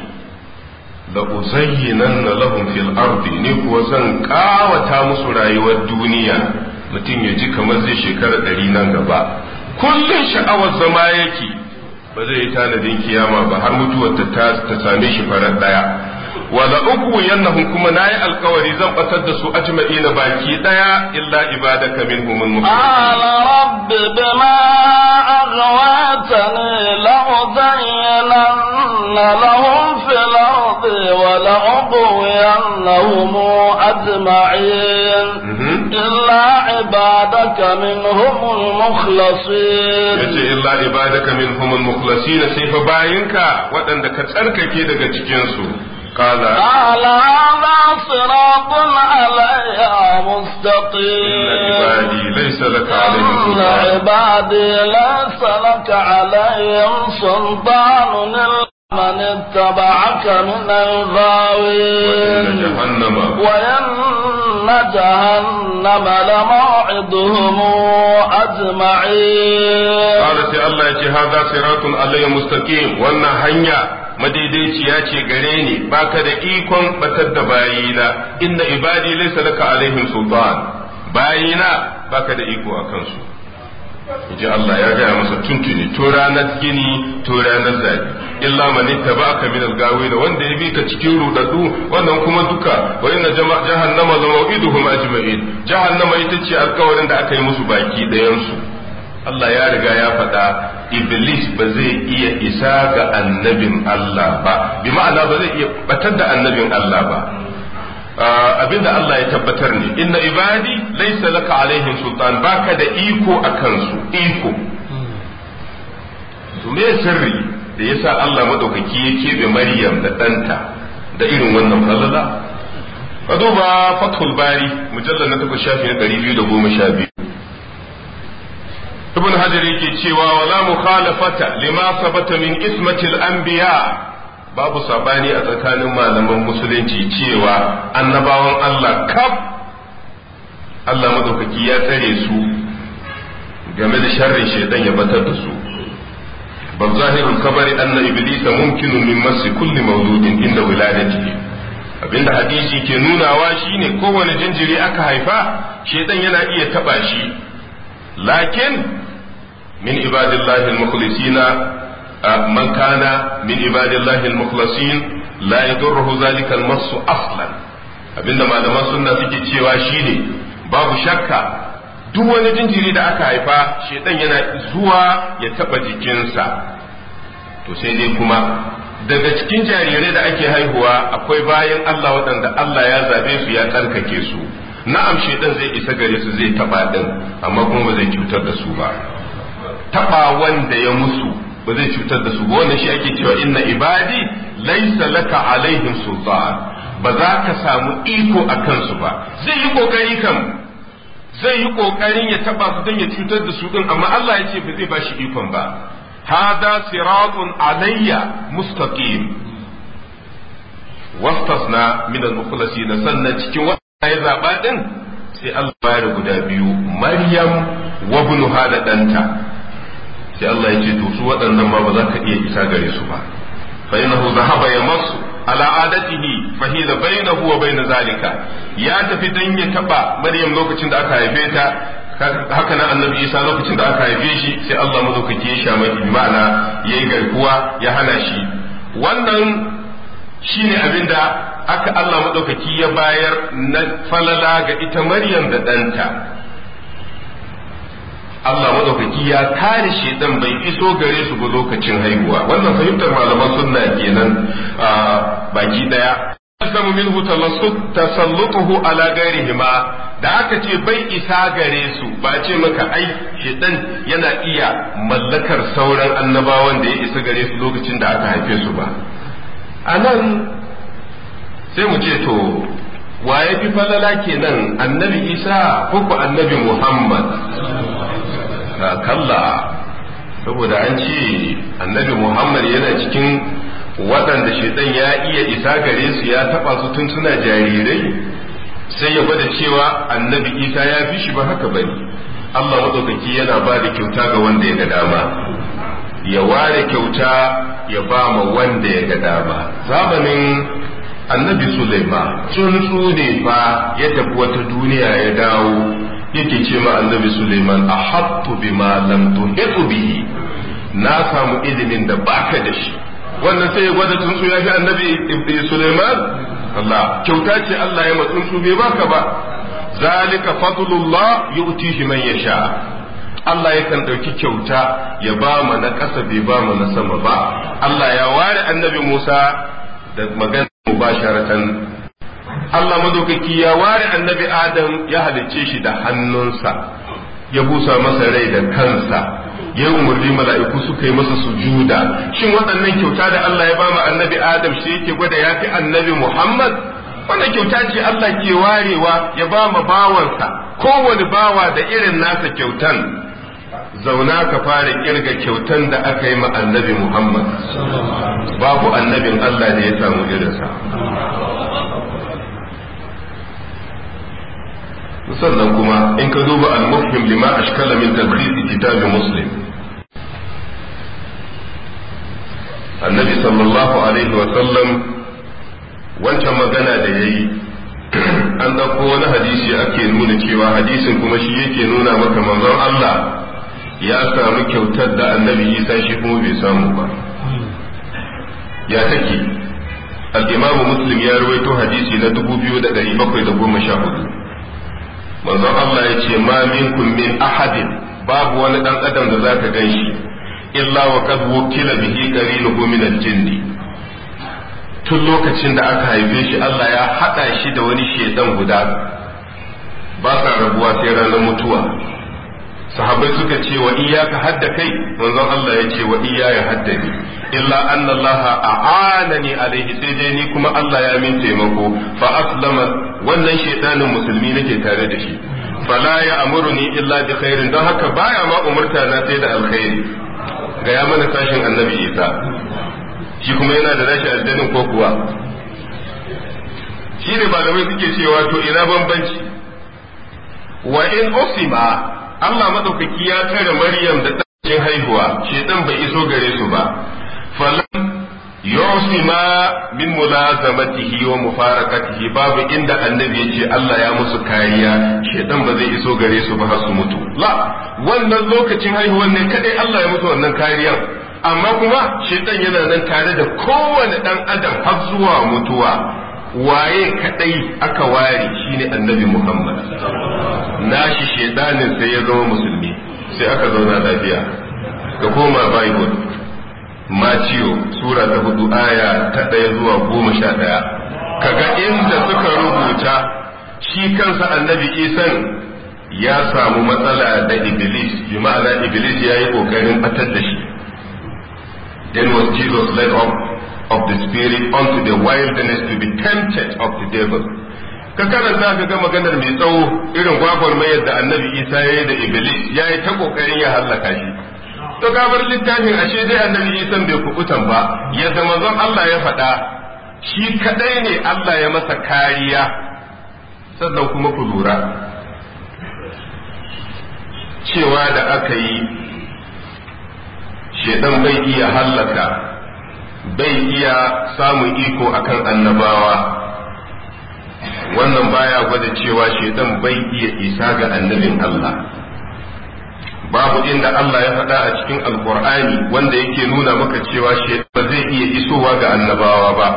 لأزينن لهم في الأرض نكو زنكا وتامس رايوة الدنيا mutum ya ji kamar zai shekara ɗari nan gaba kullum sha'awar zama yake ba zai yi tanadin kiyama ba har mutuwar ta same shi farar ɗaya wa la ukuyannahum kuma nayi alkawari zan batar da su ajma'ina baki daya illa ibadaka minhum al-mukhlasin ala rabbi bima aghwatani la udayyananna lahum fil ardi wa la ubuyannahum ajma'in mhm. illa ibadaka minhum al-mukhlasin yace illa ibadaka minhum al-mukhlasin sai fa bayinka waɗanda ka tsarkake daga cikin su قال قال هذا صراط علي مستقيم إن عبادي ليس لك عليهم سلطان عبادي ليس لك عليهم سلطان من اتبعك من الغاوين وإن جهنم وإن جهنم لموعدهم أجمعين قال سي الله يجي هذا صراط علي مستقيم وانا هنيا madaidaiciya ce gare ni baka da ikon batar da bayina inda ibadi laysa laka alaihim sultan bayina baka da iko akan su ji Allah ya gaya masa tuntuni to ranar gini to ranar zabi illa man ittaba'aka min al-gawi da wanda ya bi ka cikin rudadu wannan kuma duka wa inna jahannama la maw'iduhum ajma'in jahannama ita ce alkawarin da aka yi musu baki dayan su Allah ya riga ya faɗa iblis ba zai iya isa ga annabin Allah ba bi ma'ana ba zai iya batar da annabin Allah ba Ah, abinda Allah ya tabbatar ne inna ibadi laysa laka alaihim sultan baka da iko akan su iko to me sirri da yasa Allah madaukaki ya kebe Maryam da ɗanta da irin wannan falala ka duba Fathul Bari mujallal na takwas shafi na 212 ibn hajar yake cewa wala mukhalafata lima sabata min ismatil anbiya babu sabani a tsakanin malaman musulunci cewa annabawan Allah kaf Allah madaukaki ya tsare su game da sharrin shaidan ya batar da su bal zahirul kabari anna iblis mumkinun min masi kulli mawludin inda wiladatihi abinda hadisi ke nunawa shine kowane jinjiri aka haifa shaidan yana iya taba shi lakin min ibadillahi al-mukhlisina من كان من عباد الله المخلصين لا يضره ذلك المص اصلا aslan abinda malaman sunna suke cewa shine babu shakka duk wani jinjiri da aka haifa shedan yana zuwa ya taba jikinsa to sai dai kuma daga cikin jarirai da ake haihuwa akwai bayan Allah waɗanda Allah ya zabe su ya tsarkake su na'am shedan zai isa gare su zai taba din amma kuma ba zai cutar da su ba taba wanda ya musu ba zai cutar da su ba wannan shi ake cewa inna ibadi laysa laka alaihim sultan ba za ka samu iko a kansu ba zai yi kokari kan zai yi kokarin ya taba su don ya cutar da su din amma Allah ya ce ba zai ba shi ikon ba hada siratun alayya mustaqim wastasna min al-mukhlasina sannan cikin wata ya zaba din sai Allah ya guda biyu Maryam wa ibnuha da danta sai Allah ya ce to su waɗannan ma ba za ka iya isa gare su ba fa innahu zahaba yamassu ala adatihi fa hiya bainahu wa bain zalika ya tafi dan ya taba Maryam lokacin da aka haife ta haka nan annabi Isa lokacin da aka haife shi sai Allah madaukaki ya sha imana yayi garkuwa ya hana shi wannan shine abinda aka Allah madaukaki ya bayar na falala ga ita Maryam da ɗanta Allah madaukaki ya kare shedan bai iso gare su ba lokacin haihuwa wannan fahimtar malaman sunna kenan baki daya asamu minhu tasallutuhu ala ghairihima da aka ce bai isa gare su ba ce maka ai shedan yana iya mallakar sauran annabawan da ya isa gare su lokacin da aka haife su ba anan sai mu ce to waye fi falala kenan annabi isa ko annabi muhammad kalla saboda an ce annabi muhammad yana cikin waɗanda shaidan ya iya isa gare su ya taɓa su tun suna jarirai sai ya gwada cewa annabi isa ya fi shi ba haka ba ne. allah maɗaukaki yana ba da kyauta ga wanda ya ga dama ya ware kyauta ya ba ma wanda ya ga dama zamanin annabi sulaiman su ne fa ya tafi wata duniya ya dawo yake ce ma annabi Suleiman a bi ma lam tuhitu bihi na samu ilimin da baka da shi wannan sai ya gwada tsuntsu ya fi annabi Suleiman Allah kyauta ce Allah ya matsuntsu bai baka ba zalika fadlullah yu'tihi man yasha Allah yakan ɗauki kyauta ya ba mu na ƙasa bai ba mu na sama ba Allah ya ware annabi Musa da magana mubasharatan Allah madaukaki ya ware annabi Adam ya halicce shi da hannunsa ya busa masa rai da kansa ya umarni mala'iku suka yi masa sujuda shin waɗannan kyauta da Allah ya bama annabi Adam shi yake gwada ya fi annabi Muhammad wannan kyauta ce Allah ke warewa ya bama bawansa kowane bawa da irin nasa kyautan zauna ka fara kirga kyautan da aka yi ma annabi Muhammad babu annabin Allah da ya samu irinsa sannan kuma in ka duba al-mufhim lima ashkala min talkhis kitab muslim annabi sallallahu alaihi wa sallam wancan magana da yayi <clears throat> an dauko wani hadisi ake nuna cewa hadisin kuma shi yake nuna maka manzon Allah ya samu kyautar da annabi Isa shi kuma bai samu ba ya take al-imamu muslim ya rawaito hadisi na 2714 manzon Allah ya ce ma minkum min ahadin babu wani dan adam da zaka ganshi illa wa kad wukila bihi qarinuhu min al-jinn tun lokacin da aka haife shi Allah ya hada shi da wani shedan guda ba sa rabuwa sai ranar mutuwa sahabbai suka ce wa iyaka hadda kai manzon Allah ya ce wa iyyaya hadda ni illa anna Allah a'anani alaihi sai dai ni kuma Allah ya min taimako fa aslama wannan shaytanin musulmi nake tare da shi fala ya amuruni illa bi khairin don haka baya ma umurta na sai da alkhairi ga ya mana sashin annabi Isa shi kuma yana da rashin aljanin ko kuwa shi ne malamai suke cewa to ina bambanci wa in usima Allah madaukaki ya tare Maryam da ɗan haihuwa shedan bai iso gare su ba falan yusima min mulazamatihi wa mufarakatihi babu inda annabi yace Allah ya musu kariya shedan ba zai iso gare su ba har su mutu la wannan lokacin haihuwan ne kaɗai Allah ya musu wannan kariyar amma kuma shedan yana nan tare da kowane ɗan adam har zuwa mutuwa waye kadai aka ware shine annabi Muhammad nashi shedanin sai ya zama musulmi sai aka zauna lafiya ka koma bible maciyo sura ta hudu aya ta ɗaya zuwa goma sha ɗaya kaga inda suka rubuta shi kansa annabi isan ya samu matsala da iblis bi ma'ana iblis ya yi ƙoƙarin batar da shi then was jesus led up of the spirit unto the wilderness to be tempted of the devil ka za ka ga maganar mai tsawo irin gwagwarmayar da annabi isa ya yi da iblis ya yi ta kokarin ya hallaka shi to bar littafin ashe dai annabi isa bai kukutan ba Ya zama zan allah ya faɗa shi kaɗai ne allah ya masa kariya sannan kuma ku lura cewa da aka yi shedan bai iya hallaka bai iya samun iko akan annabawa wannan baya gwada cewa shaitan bai iya isa ga annabin Allah babu inda Allah ya faɗa a cikin alkur'ani wanda yake nuna maka cewa shaitan ba zai iya isowa ga annabawa ba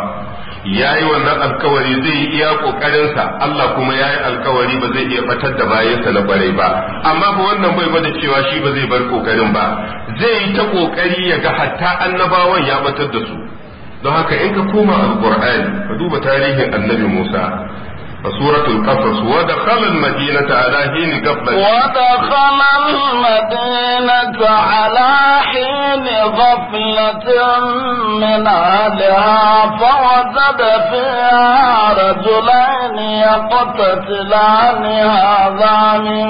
ya yi wannan alkawari zai yi iya ƙoƙarinsa Allah kuma ya yi alkawari ba zai iya batar da bayansa na kwarai ba amma ba wannan bai gwada cewa shi ba zai bar ƙoƙarin ba zai yi ta ƙoƙari ya ga hatta annabawan ya batar da su don haka in ka koma alkur'ani ka duba tarihin annabi Musa فسورة القصص ودخل المدينة على حين غفلة ودخل المدينة على حين غفلة من أهلها فوجد فيها رجلين يقتتلان هذا من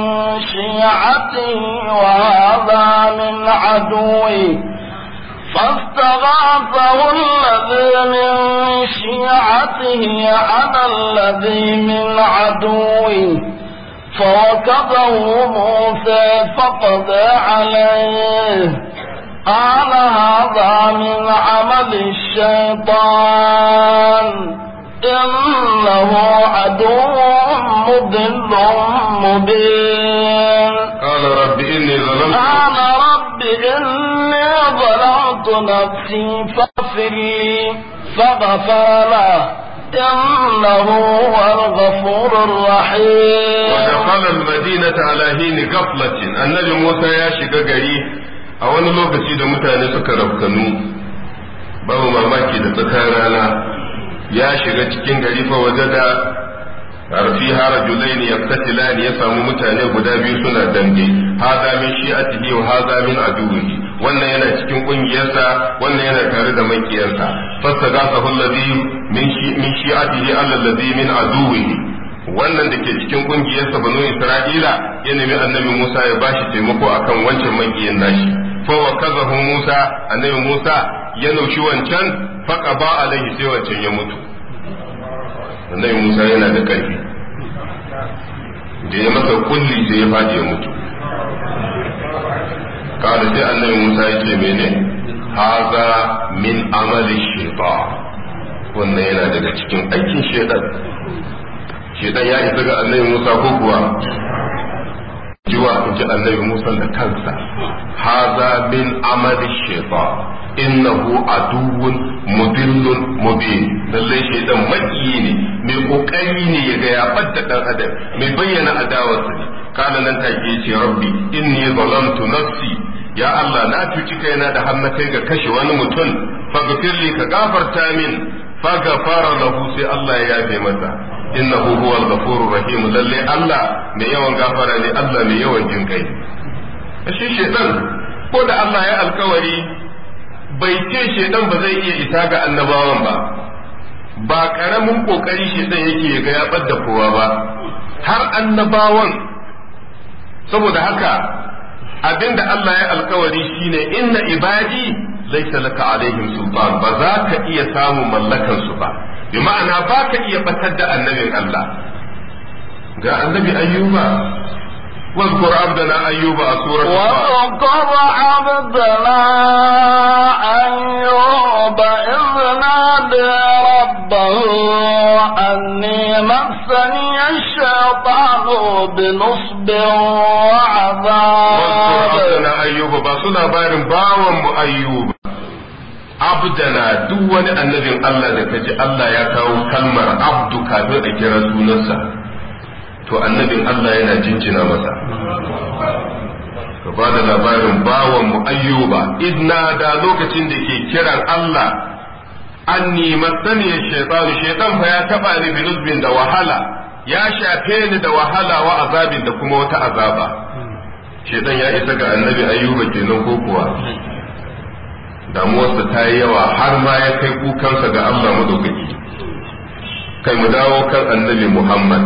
شيعته وهذا من عدوه فاستغاثه الذي من شيعته على الذي من عدوه فوكبه موسى فقضى عليه قال هذا من عمل الشيطان إنه عدو مضل مبين قال رب إني ظلمت رب إني ظلمت نفسي فاغفر لي فغفر له إنه هو الغفور الرحيم ودخل المدينة على حين غفلة النبي موسى يا شيخ a wani lokaci da mutane suka rafkanu babu mamaki da tsakar rana ya shiga cikin gari fa waje da fiha rajulain yaqtatilan ya samu mutane guda biyu suna dange hada min shi'atihi wa hada min wannan yana cikin kungiyarsa wannan yana tare da makiyarsa fastagasahu alladhi min min shi'atihi alladhi min aduwihi wannan da ke cikin kungiyarsa banu isra'ila ya nemi annabi Musa ya bashi taimako akan wancan makiyin nashi fa wakazahu Musa annabi Musa ya naushi wancan faqa ba sai wancan ya mutu annabi Musa yana da ƙarfi da ya masa kulli sai ya faɗi ya mutu kada sai annabi Musa yake mene haza min amali shaytan wannan yana daga cikin aikin shaytan shaytan ya isa ga annabi Musa ko kuwa jiwa in ji annabi musa da kansa haza min amali shaitan innahu aduwwun mudillun mubin lalle shaitan maki ne mai ƙoƙari ne ya gaya ya fadda adam mai bayyana adawarsa ne kana nan take ce rabbi inni zalamtu nafsi ya Allah na cuci kaina da hannakai ga kashe wani mutum faghfirli ka gafarta min fagafara lahu sai Allah ya yafe masa innahu al ghafurur rahim lalle Allah mai yawan gafara ne Allah mai yawan jin kai shi shedan ko da Allah ya alkawari bai ce shedan ba zai iya isa ga annabawan ba ba karamin kokari shedan yake ga ya badda kowa ba har annabawan saboda haka abinda Allah ya alkawari shine inna ibadi laysa laka alaihim sultan ba za ka iya samu mallakan su ba bi ma'ana ba ka iya batar da annabin Allah ga annabi ayyuba واذكر عبدنا أيوب سورة واذكر عبدنا أيوب إذ نادى ربه أني مسني الشيطان بنصب وعذاب واذكر عبدنا أيوب باسنا بارم باوم أيوب abdana duk wani annabin Allah da kaji Allah ya kawo kalmar abdu kafin a kira sunansa to annabin Allah yana jinjina masa ka ba da labarin bawan mu ayyuba idna da lokacin da ke kiran Allah anni ya shaitan shaitan fa ya taba ni binuzbin da wahala ya shafe ni da wahala wa azabin da kuma wata azaba shaitan ya isa ga annabi ayyuba kenan ko kuwa damuwarsa ta yi yawa har ma ya kai kukansa ga Allah kuɗi. kai mu dawo kan annabi Muhammad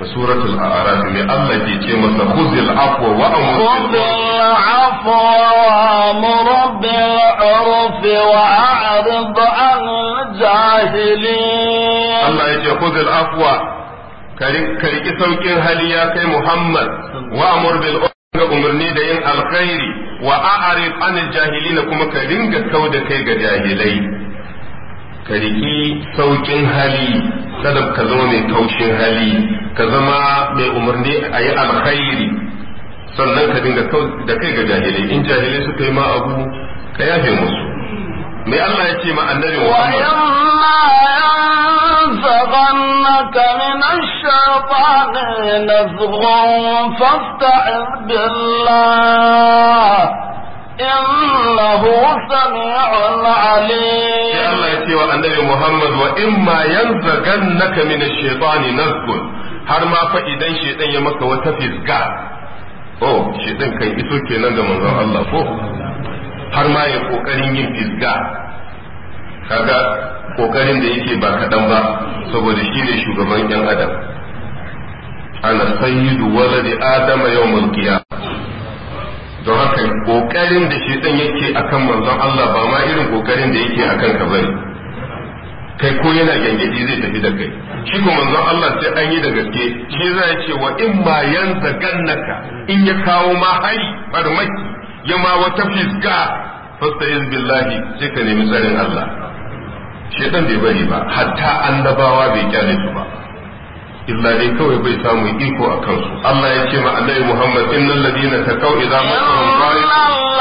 a suratul a'raf ne Allah ke ce masa khuzil afwa wa amr khuzil afwa wa amr bil urf wa a'rid an jahilin Allah ya ce khuzil afwa kai kai hali ya kai Muhammad wa amr bil urf ga umarni da yin alkhairi wa an anil jahilin kuma ka ringa kau da kai ga jahilai ka riki saukin hali kada ka zama mai kaushin hali ka zama mai umarni a yi alkhairi sannan ka ringa kau da kai ga jahilai in jahilai suka yi ma abu ka yafe musu mai Allah ya ce ma annabi wa ينزغنك من الشيطان نزغ فاستعذ بالله إنه سميع عليم يا الله يتيوى النبي محمد وإما ينزغنك من الشيطان نزغ har ma fa idan shedan ya maka wata fisga oh shedan kai iso kenan ga manzon Allah ko har ma ya kokarin yin fisga kaga kokarin da yake ba kaɗan ba saboda shi ne shugaban yan adam ana sayyidu waladi adama yau mulkiya don haka kokarin da shi dan yake akan manzon Allah ba ma irin kokarin da yake akan ka bane kai ko yana gangaji zai tafi da kai shi ko manzon Allah sai an yi da gaske shi za ya ce wa in ma yanza gannaka in ya kawo ma hari farmaki ya ma wata fisga fasta'iz billahi sai ka nemi tsarin Allah shedan bai bari ba hatta annabawa bai kyale su ba illa dai kawai bai samu iko a kansu Allah ya ce ma annabi Muhammad innal ladina taqaw idza massahum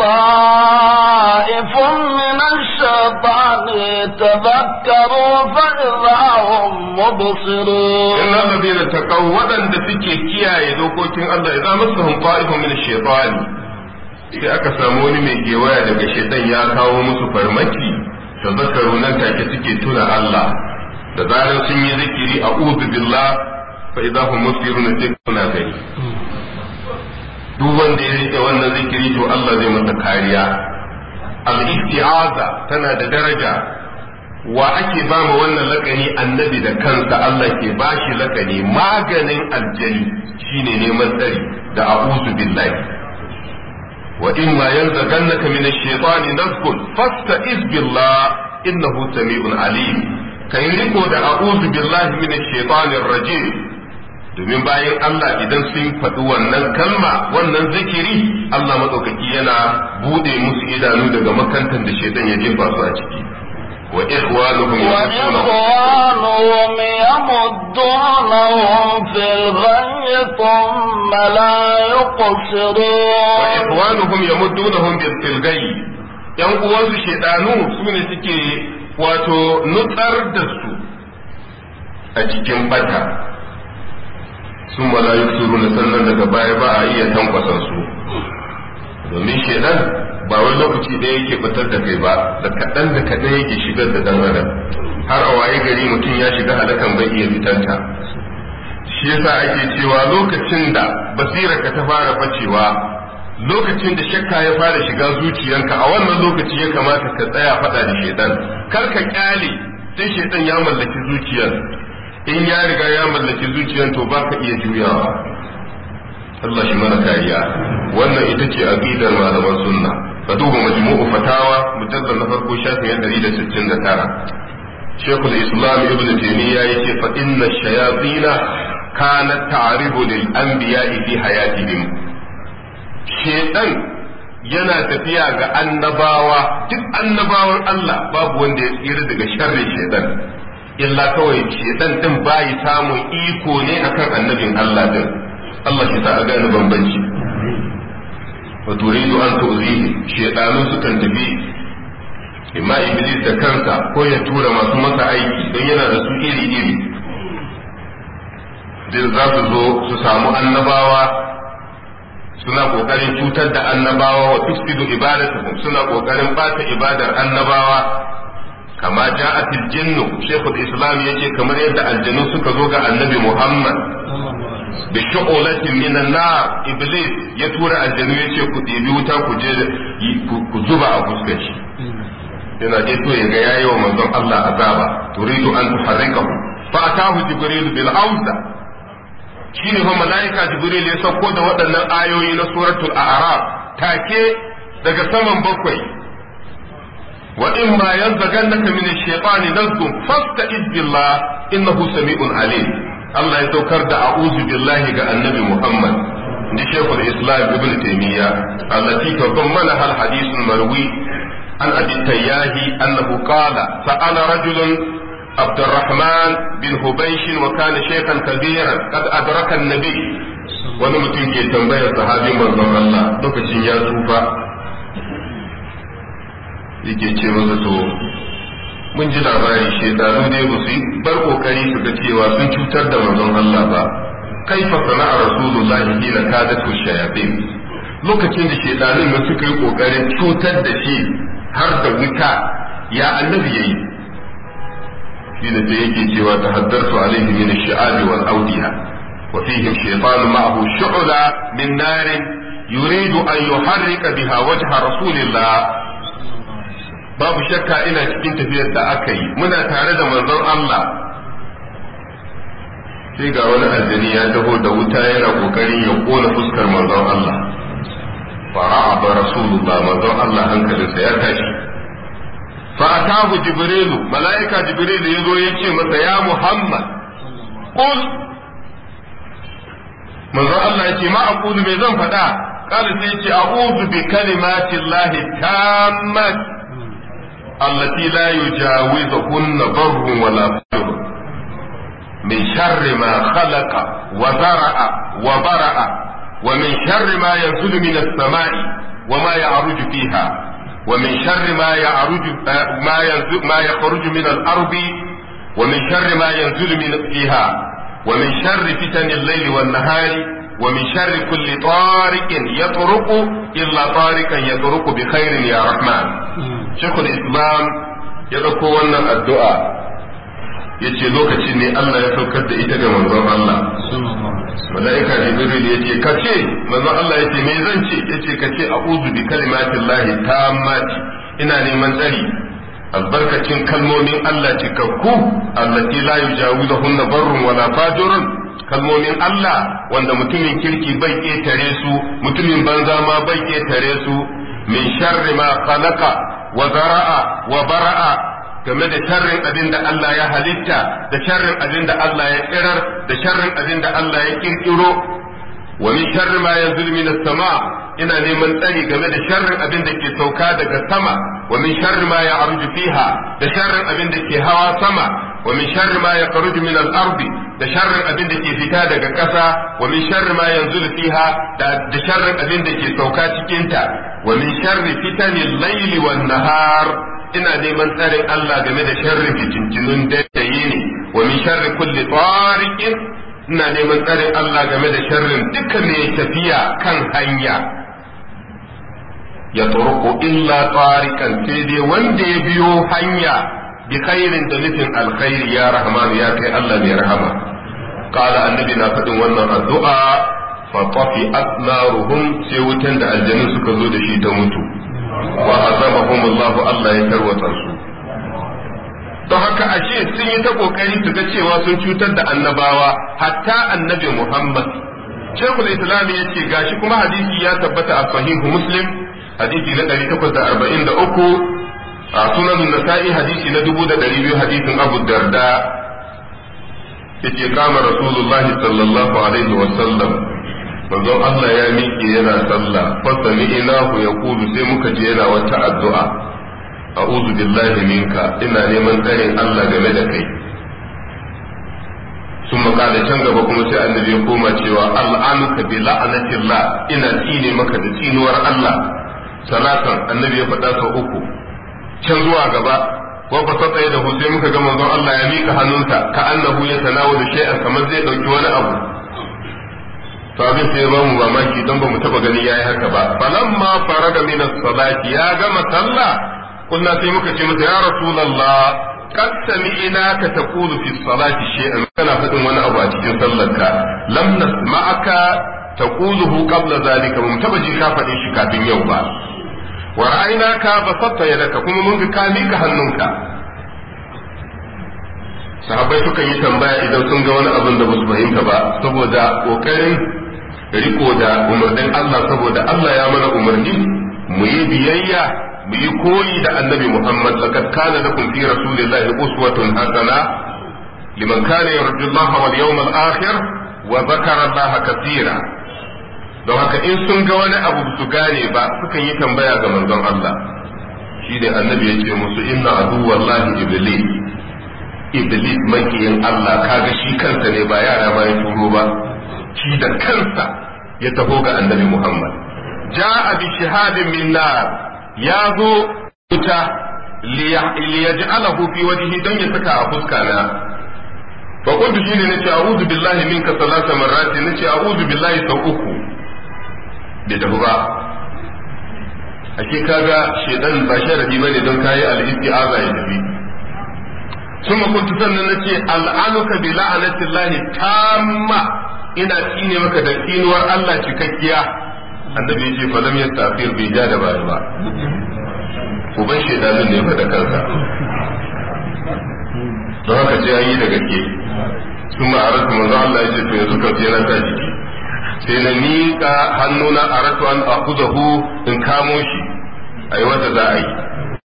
ta'ifun min ash-shaytani tadhakkaru fa idza hum mubsirun innal ladina taqaw wadanda suke kiyaye dokokin Allah idza massahum ta'ifun min ash-shaytani sai aka samu wani mai gewaya daga shaidan ya kawo musu farmaki da zakaru nan take suke tuna Allah da zarar sun yi zikiri a uzu billah fa idza hum musfiruna tikuna gari duk wanda ya rike wannan zikiri to Allah zai masa kariya al-isti'aza tana da daraja wa ake ba mu wannan lakani annabi da kansa Allah ke bashi lakani maganin aljani shine neman tsari da a'udhu billahi gannaka ينزغنك من الشيطان نزغ فاستئذ بالله إنه سميع عليم kai riko da a'udhu billahi minash shaitanir rajim domin bayan Allah idan sun faɗi wannan kalma wannan zikiri Allah madaukaki yana bude musu idanu daga makantan da shaitan ya jefa su a ciki وإخوانهم وإخوانهم يمدونهم في الغي ثم لا يقصرون وإخوانهم يمدونهم في الغي ‘yan uwansu shaidanu su ne suke wato nutsar da su a cikin bata sun malayu suru na sannan daga baya ba a iya tankwasan su domin shedan ba wani lokaci da yake fitar da kai ba da kaɗan da kaɗan yake shigar da dan adam har a waye gari mutum ya shiga halakan bai iya fitanta shi yasa ake cewa lokacin da ka ta fara bacewa lokacin da shakka ya fara shiga zuciyarka, a wannan lokaci ya kamata ka tsaya faɗa da shedan kar ka kyale sai shedan ya mallaki zuciyar in ya riga ya mallaki zuciyar to ba ka iya juyawa Allah shi mana kariya wannan ita ce aqidar malaman sunna ka duba majmu'u fatawa mujaddal na farko shafin 169 شيخ الإسلام ابن تيمية يقول فإن الشياطين كانت تعرف للأنبياء في حياتهم شيطان yana tafiya ga annabawa duk annabawan Allah babu wanda ya tsira daga sharri shaitan illa kawai shaitan din bai samun iko ne akan annabin Allah din Allah shi sa a gane bambanci wa turidu an tu'zihi shaytanu sukan tafi imma iblis da kansa ko ya tura masu masa aiki don yana da su iri iri din za su zo su samu annabawa suna kokarin cutar da annabawa wa tufsidu ibadatuhum suna kokarin bata ibadar annabawa kama ja'at al-jinnu shaykhul islam yace kamar yadda aljanu suka zo ga annabi muhammad bi shu'ulatin minan nar iblis ya tura aljanu yace ku ɗebi wuta ku je ku zuba a fuskar shi yana je to ya ga yayi wa manzon Allah azaba turidu an tuharrikahu fa atahu jibril bil awza shine fa malaika jibril ya sauko da waɗannan ayoyi na suratul a'raf take daga saman bakwai wa in ma yanzaganaka min ash-shaytani nazghun fasta'iz billah innahu sami'un alim Allah ya saukar da a'udhu billahi ga annabi Muhammad inda Sheikhul Islam Ibn Taymiyyah allati tadammana hal hadithun marwi an Abi Tayyahi annahu qala sa'ala rajulun عبد الرحمن بن هبيش وكان شيخا كبيرا قد أدرك النبي wani mutum ke tambayar sahabin manzon Allah lokacin ya tsufa yake ce masa to mun ji labari shekaru ne ba su yi bar kokari su ga cewa sun cutar da manzon Allah ba kaifa sana'a rasulullahi hina kadatu shayatin lokacin da shedanin na suka yi kokarin cutar da shi har da wuta ya annabi yayi shi da ta yake cewa tahaddartu alaihi min ash-sha'abi wal awdiya wa fihim shaytanu ma'ahu shu'la min narin yuridu an yuharrika biha wajha rasulillah babu shakka ina cikin tafiyar da aka yi muna tare da manzon Allah sai ga wani aljani ya taho da wuta yana kokarin ya kona fuskar manzon Allah fara'a ba rasulullah manzon Allah hankalinsa ya tashi fa atahu jibrilu mala'ika jibrilu yazo ya ce masa ya muhammad qul manzon Allah yace ma aqulu me zan faɗa qala sai yace a'udhu bi kalimati llahi tammat التي لا يجاوزهن ضر ولا فجر من شر ما خلق وزرع وبرع ومن شر ما ينزل من السماء وما يعرج فيها ومن شر ما يعرج ما ما يخرج من الارض ومن شر ما ينزل من فيها ومن شر فتن الليل والنهار ومن شر كل طارق يطرق الا طارقا يطرق بخير يا رحمن. shekul islam ya dauko wannan addu'a yace ce ne Allah ya saukar da ita ga manzon Allah mala'ika jibril ya kace ka ce manzon Allah yace ce me zan ce ya ce a'udhu bi kalimatin lahi tammati ina neman tsari albarkacin kalmomin Allah cikakku allati la yujawizuhunna barrun wala fajirun kalmomin Allah wanda mutumin kirki bai ƙetare su mutumin banza ma bai ƙetare su min sharri ma khalaqa wa zara'a wa bara'a game da sharrin abin da Allah ya halitta da sharrin abin Allah ya kirar da sharrin abin da Allah ya kirkiro wa min sharri ma yanzil min as-sama ina neman tsari game da sharrin abin da ke sauka daga sama wa min sharri ma ya'ruju fiha da sharrin abin ke hawa sama wa min sharri ma yakhruju min al-ardi da sharrin abin da ke fita daga ƙasa wa min sharri ma yanzulu fiha da sharrin abin da ke sauka cikinta, wa min sharri fitanin layli wan nahar ina neman tsarin Allah game da sharrin fitintinun dare da yini wa min sharri kulli tariqin ina neman tsarin Allah game da sharrin duka mai tafiya kan hanya ya turuku illa tariqan sai dai wanda ya biyo hanya bi khairin nufin alkhairi ya rahman ya kai Allah mai rahama qala annabi na faɗin wannan addu'a fa tafi'at naruhum sai wutan da aljanu suka zo da shi ta mutu wa azabahum Allah Allah ya tarwata su don haka ashe sun yi ta kokari su ga cewa sun cutar da annabawa hatta annabi Muhammad Shekul Islam ya ce gashi kuma hadisi ya tabbata a sahihu Muslim hadisi na uku. A sunan nasa'i hadisi na da 2200 hadisin abu darda yake kama rasulullahi sallallahu alaihi wa sallam manzon Allah ya miƙe yana sallah fasami ilahu ya kudu sai muka je yana wata addu'a a'udhu billahi minka ina neman tsarin Allah game da kai sun makala can gaba kuma sai annabi ya koma cewa al'anuka bi la'anatillah ina tsine maka da tsinuwar Allah salatan annabi ya faɗa sau uku can zuwa gaba wa basata yadahu sai muka ga manzon Allah ya mika hannunsa ka annahu ya tanawu da shay'an kamar zai dauki wani abu to abin sai ba mu mamaki don ba mu taba gani yayi haka ba falamma faraga min as-salati ya gama sallah kunna sai muka ce masa ya rasulullah kad sami'na ka taqulu fi as-salati shay'an kana fadin wani abu a cikin sallarka lam nasma'aka taquluhu qabla zalika mu taba ji ka fadin shi kafin yau ba wa ra'ayna ka basatta yadaka kuma mun ga ka mika hannunka sahabbai suka yi tambaya idan sun ga wani abin da basu fahimta ba saboda kokarin riko da umarnin Allah saboda Allah ya mana umarni mu yi biyayya mu yi koyi da annabi Muhammad laqad kana lakum fi rasulillahi uswatun hasana liman kana yarju Allah wal yawmal akhir wa dhakara Allah don haka in sun ga wani abu su gane ba sukan yi tambaya ga manzon Allah shi da annabi ya ce musu inna adu wallahi iblis iblis makiyin Allah kaga shi kansa ne ba yara ba ya turo ba shi da kansa ya taho ga annabi Muhammad ja'a bi shihadin min nar ya zo wuta liyaj'alahu fi wajhi dan ya saka a fuska na fa kuntu shi ne nace a'udhu billahi minka salasa marrati nace a'udhu billahi sau uku bai tafi ba a ke kaga shaidan ba shi rabi bane don ta kayi al'isti aza ya tafi sun makuntu sannan na ce al'anuka bi la'anatin lahi tamma ina cine maka da inuwar Allah cikakkiya annabi ce fa lam yastafir bi jada ba ba uban shaidanin ne fa karka. don haka ce yi daga ke sun ma'arar maza Allah ya ce to yanzu ka ziyarar ta jiki sai na miƙa hannuna a ratu a hu in kamo shi a yi wata za a yi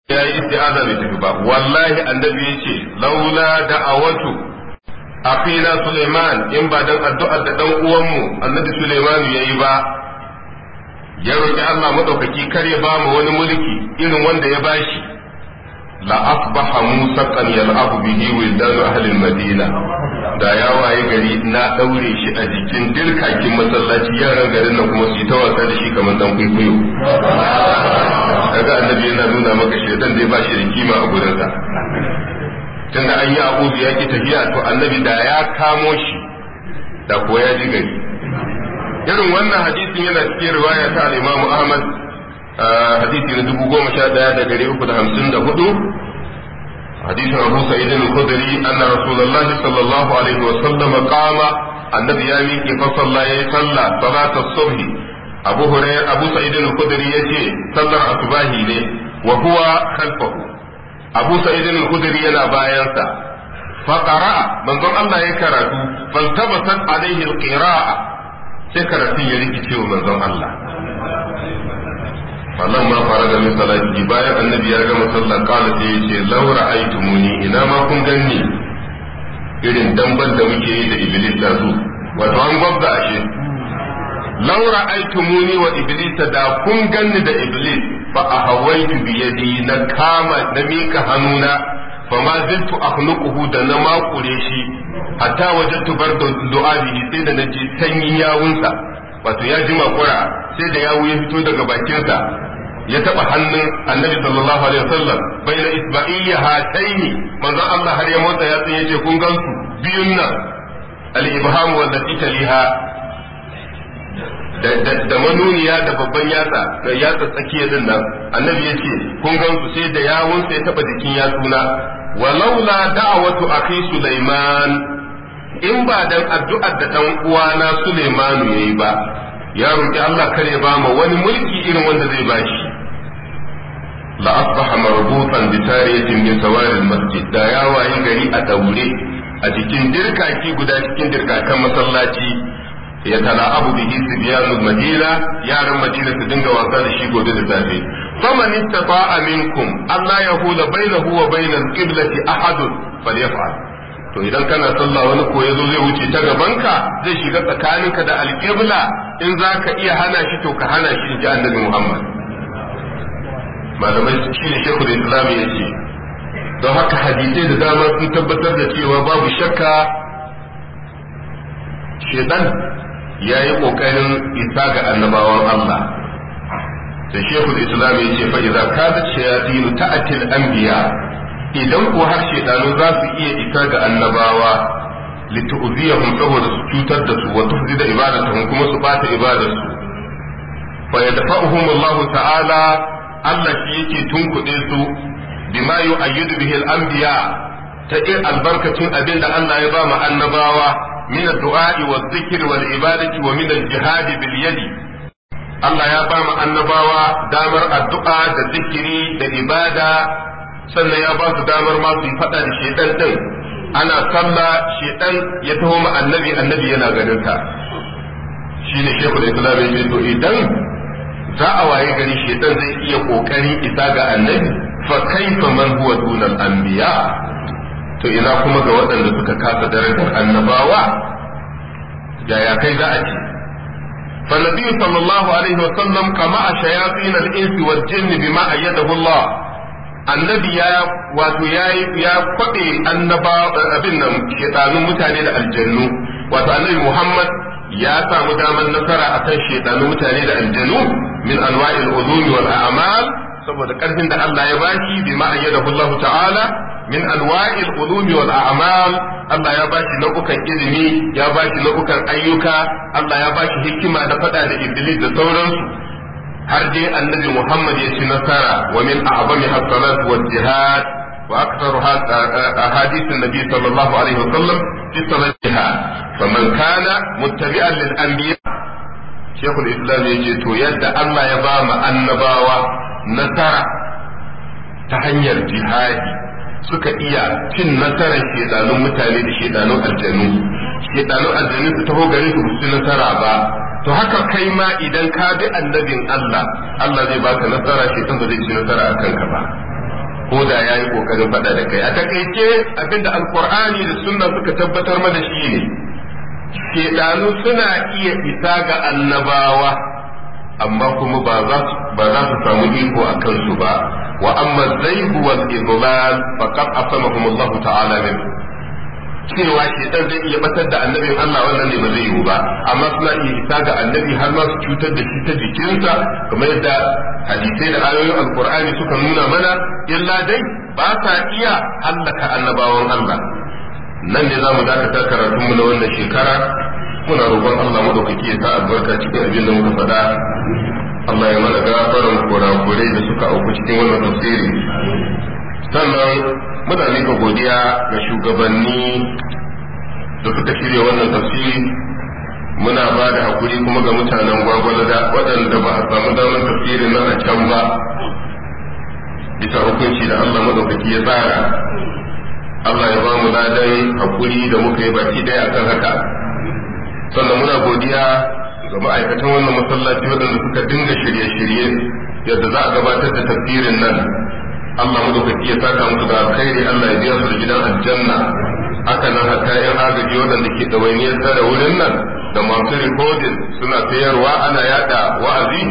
ya yi isti'aza tafi ba wallahi annabi ya ce laula da A fina suleiman in ba don addu'ar da dan uwanmu annabi suleiman ya yi ba ya roki Allah kar kare ba mu wani mulki irin wanda ya ba shi. la asbaha musaqan yal'abu bihi wildan ahli madina da ya waye gari na daure shi a jikin dirkakin masallaci yaran garin nan kuma su ta wasa da shi kamar dan kwaikwayo kaga annabi yana nuna maka da zai ba shi da kima a gurinsa tunda an yi abubu ya ki tafiya to annabi da ya kamo shi da kuwa ya ji gari irin wannan hadisin yana cikin riwaya ta al-Imam Ahmad hadisi na dubu goma sha ɗaya da ɗari uku da hamsin da hudu hadisin abu sa'id al-khudri anna rasulullahi sallallahu alaihi wa sallam qama annabi ya miƙe fa sallah yayi sallah salatul subhi abu hurairah abu sa'id al-khudri yace sallar asubahi ne wa abu sa'id al yana bayansa fa qara'a manzon Allah ya karatu faltabasat alaihi al sai karatun ya rikice wa manzon Allah wannan ma fara da min bayan annabi ya gama sallah kala sai yace laura aitumuni ina ma kun ganni irin damban da muke yi da iblis da su wato an gwabda ashe laura aitumuni wa iblis da kun ganni da iblis fa ahawaitu bi yadi na kama na mika hannuna فما زلت أخلقه da na makure shi hatta wajen tubar da du'a sai da naji sanyin yawunsa wato ya jima kura, sai da yawu ya fito daga bakinsa ya taba hannun annabi sallallahu alaihi wasallam bayna isba'iyya hataini manzon Allah har ya motsa ya tsaye ce kun gansu biyun nan al-ibham wa taliha da manuniya da babban yatsa da yatsa tsakiya din nan annabi ya kun gansu sai da yawunsa ya taba jikin yatsuna walaula da'awatu akhi sulaiman in ba dan addu'ar da dan uwana Sulaimanu yayi ba ya roki Allah kare ba ma wani mulki irin wanda zai bashi la asbaha marbutan bi tariyatin min sawari masjid da ya wayi gari a daure a jikin dirkaki guda cikin dirkakan masallaci ya tala abu bihi sibyanu madina yaran madina su dinga wasa da shi gobe da safe faman istata'a minkum Allah ya hula bainahu wa bainal qiblati ahadun falyaf'al to idan kana sallah wani ko yazo zai wuce ta gabanka zai shiga tsakaninka da alƙibla in za ka iya hana shi to ka hana shi in ji annabi Muhammad malamai shi ne shekul islam ya ce don haka hadisai da dama sun tabbatar da cewa babu shakka shaitan ya yi ƙoƙarin isa ga annabawan Allah da shekul islam ya ce fa iza kadat shayatin ta'atil anbiya idan ko har shedanu za su iya isa ga annabawa litu'ziyahum saboda su cutar da su wa tufzida ibadatahum kuma su bata ibadar su fa yadfa'uhum Allah ta'ala Allah shi yake tunkuɗe su bima yu'ayyidu bihi al-anbiya ta ir albarkacin abin da Allah ya ba mu annabawa min ad-du'a'i wa dhikri wal ibadati wa min al-jihad bil yadi Allah ya ba mu annabawa damar addu'a da zikiri da ibada sannan ya ba su damar ma su yi faɗa da shedan din ana sallah shedan ya taho ma annabi annabi yana ganin ta Shi shine shekul islam ya ce to idan za a waye gari shedan zai iya ƙoƙarin isa ga annabi fa kaifa man huwa dunal anbiya to ina kuma ga waɗanda suka kasa darajar annabawa yaya kai za a ce فالنبي صلى الله عليه وسلم قمع شياطين الإنس والجن بما أيده الله annabi ya wato ya kwaɓe annaba abin nan shedanun mutane da aljannu wato annabi Muhammad ya samu damar nasara akan shedanun mutane da aljannu min anwa'il uzumi wal a'mal saboda karfin da Allah ya bashi bi ma ayyadahu Allah ta'ala min anwa'il ulumi wal a'mal Allah ya bashi nau'ukan ilimi ya bashi nau'ukan ayyuka Allah ya bashi hikima da fada da iblis da sauransu har dai annabi Muhammad ya ci nasara wa min a'zami hasanat wal jihad wa aktharu eh, ahadith an-nabi sallallahu alaihi wasallam fi salat jihad faman kana muttabi'an lil anbiya shaykhul islam yace to yadda Allah ya ba mu annabawa nasara ta hanyar jihadi suka iya cin nasarar shedanun mutane da shedanun aljanu shedanun aljanu su taho gare su su nasara ba to haka kai ma idan ka bi annabin Allah Allah zai baka nasara shi tun zai ci nasara a kanka ba ko da yayi kokarin faɗa da kai a takaice abinda alqur'ani da sunna suka tabbatar mana shi ne shedanu suna iya isa ga annabawa amma kuma ba za su samu iko a kansu ba wa amma zaihu wal idlal faqad asamahu Allah ta'ala min cewa dan zai iya batar da annabi Allah wannan ne ba zai yiwu ba amma suna iya isa ga annabi har ma su cutar da shi ta jikinsa kamar yadda hadisai da ayoyin alkur'ani suka nuna mana illa dai ba sa iya hallaka annabawan Allah nan ne zamu dakata karatun mu na wannan shekara muna roƙon Allah mu ya sa albarka cikin abin da muka faɗa Allah ya mana gafaran kurakurai da suka auku cikin wannan tafsiri sannan muna mika godiya ga shugabanni da suka shirya wannan tafsiri muna ba da hakuri kuma ga mutanen gwagwalada waɗanda ba a samu damar tafsirin nan a can ba bisa hukunci da Allah madaukaki ya tsara Allah ya ba mu ladai hakuri da muka yi baki daya akan haka sannan muna godiya ga ma'aikatan wannan masallaci waɗanda suka dinga shirye-shirye yadda za a gabatar da tafsirin nan Allah da ya saka musu da alkhairi Allah ya biya su da gidan aljanna aka nan haka yan agaji waɗanda ke ɗawainiyar da wurin nan da masu rikodin suna sayarwa ana yada wa'azi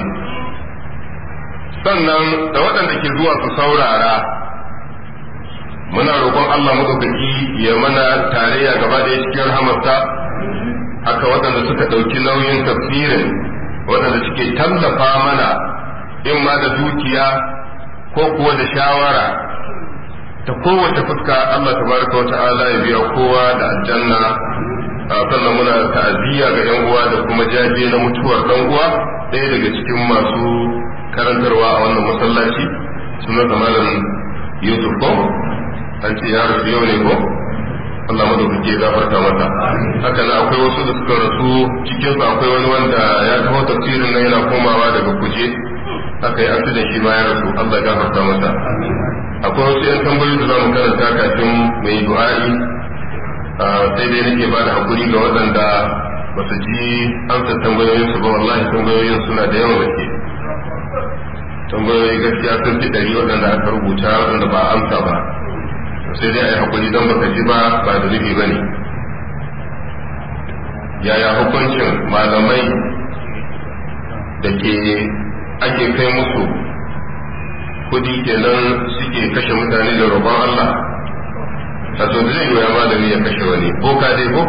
sannan da waɗanda ke zuwa su saurara muna roƙon Allah madaukaki ya mana tarayya gaba da cikin rahamarsa haka waɗanda suka ɗauki nauyin tafsirin waɗanda suke tallafa mana in ma da dukiya ko kuwa da shawara ta kowace fuska Allah tabaraka wa ta'ala ya biya kowa da aljanna sannan muna ta'aziyya ga yan uwa da kuma jaje na mutuwar dan uwa ɗaya daga cikin masu karantarwa a wannan masallaci sunan malam Yusuf ko an ce ya rufe yau ne ko Allah ke gafarta mata haka na akwai wasu da suka rasu cikin akwai wani wanda ya taho tafsirin nan yana komawa daga kuje aka yi asu da shi ma ya rasu Allah ya gafarta masa akwai wasu yan tambayoyi da zamu karanta kafin mai du'a'i sai dai nake ba da hakuri ga waɗanda ba su ji amsa tambayoyin su ba wallahi tambayoyin suna da yawan gaske tambayoyi gaskiya sun fi ɗari waɗanda aka rubuta waɗanda ba amsa ba sai dai a yi hakuri don baka ji ba ba da nufi ba ne yaya hukuncin malamai da ke ake kai musu kudi kenan suke kashe mutane da roban Allah a to zai yi wa malami ya kashe wani ko ka dai ko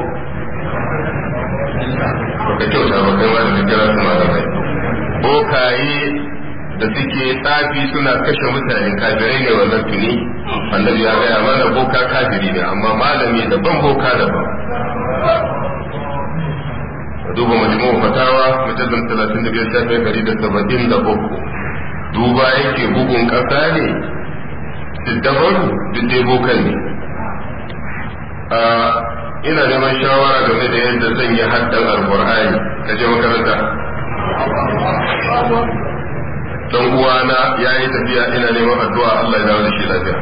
baka kyauta ba kai ma da kira su malamai bokaye da suke tsafi suna kashe mutane kafirai ne wannan tuni annabi ya gaya mana boka kafiri ne amma malami ban boka daban duba majmu fatawa mujallal 35 da 173 duba yake bugun kasa ne Siddabar, duk dai bokan ne ina neman shawara game da yadda zan yi haddan alkur'ani ka je makaranta don uwana ya yi tafiya ina neman addu'a Allah ya dawo da shi lafiya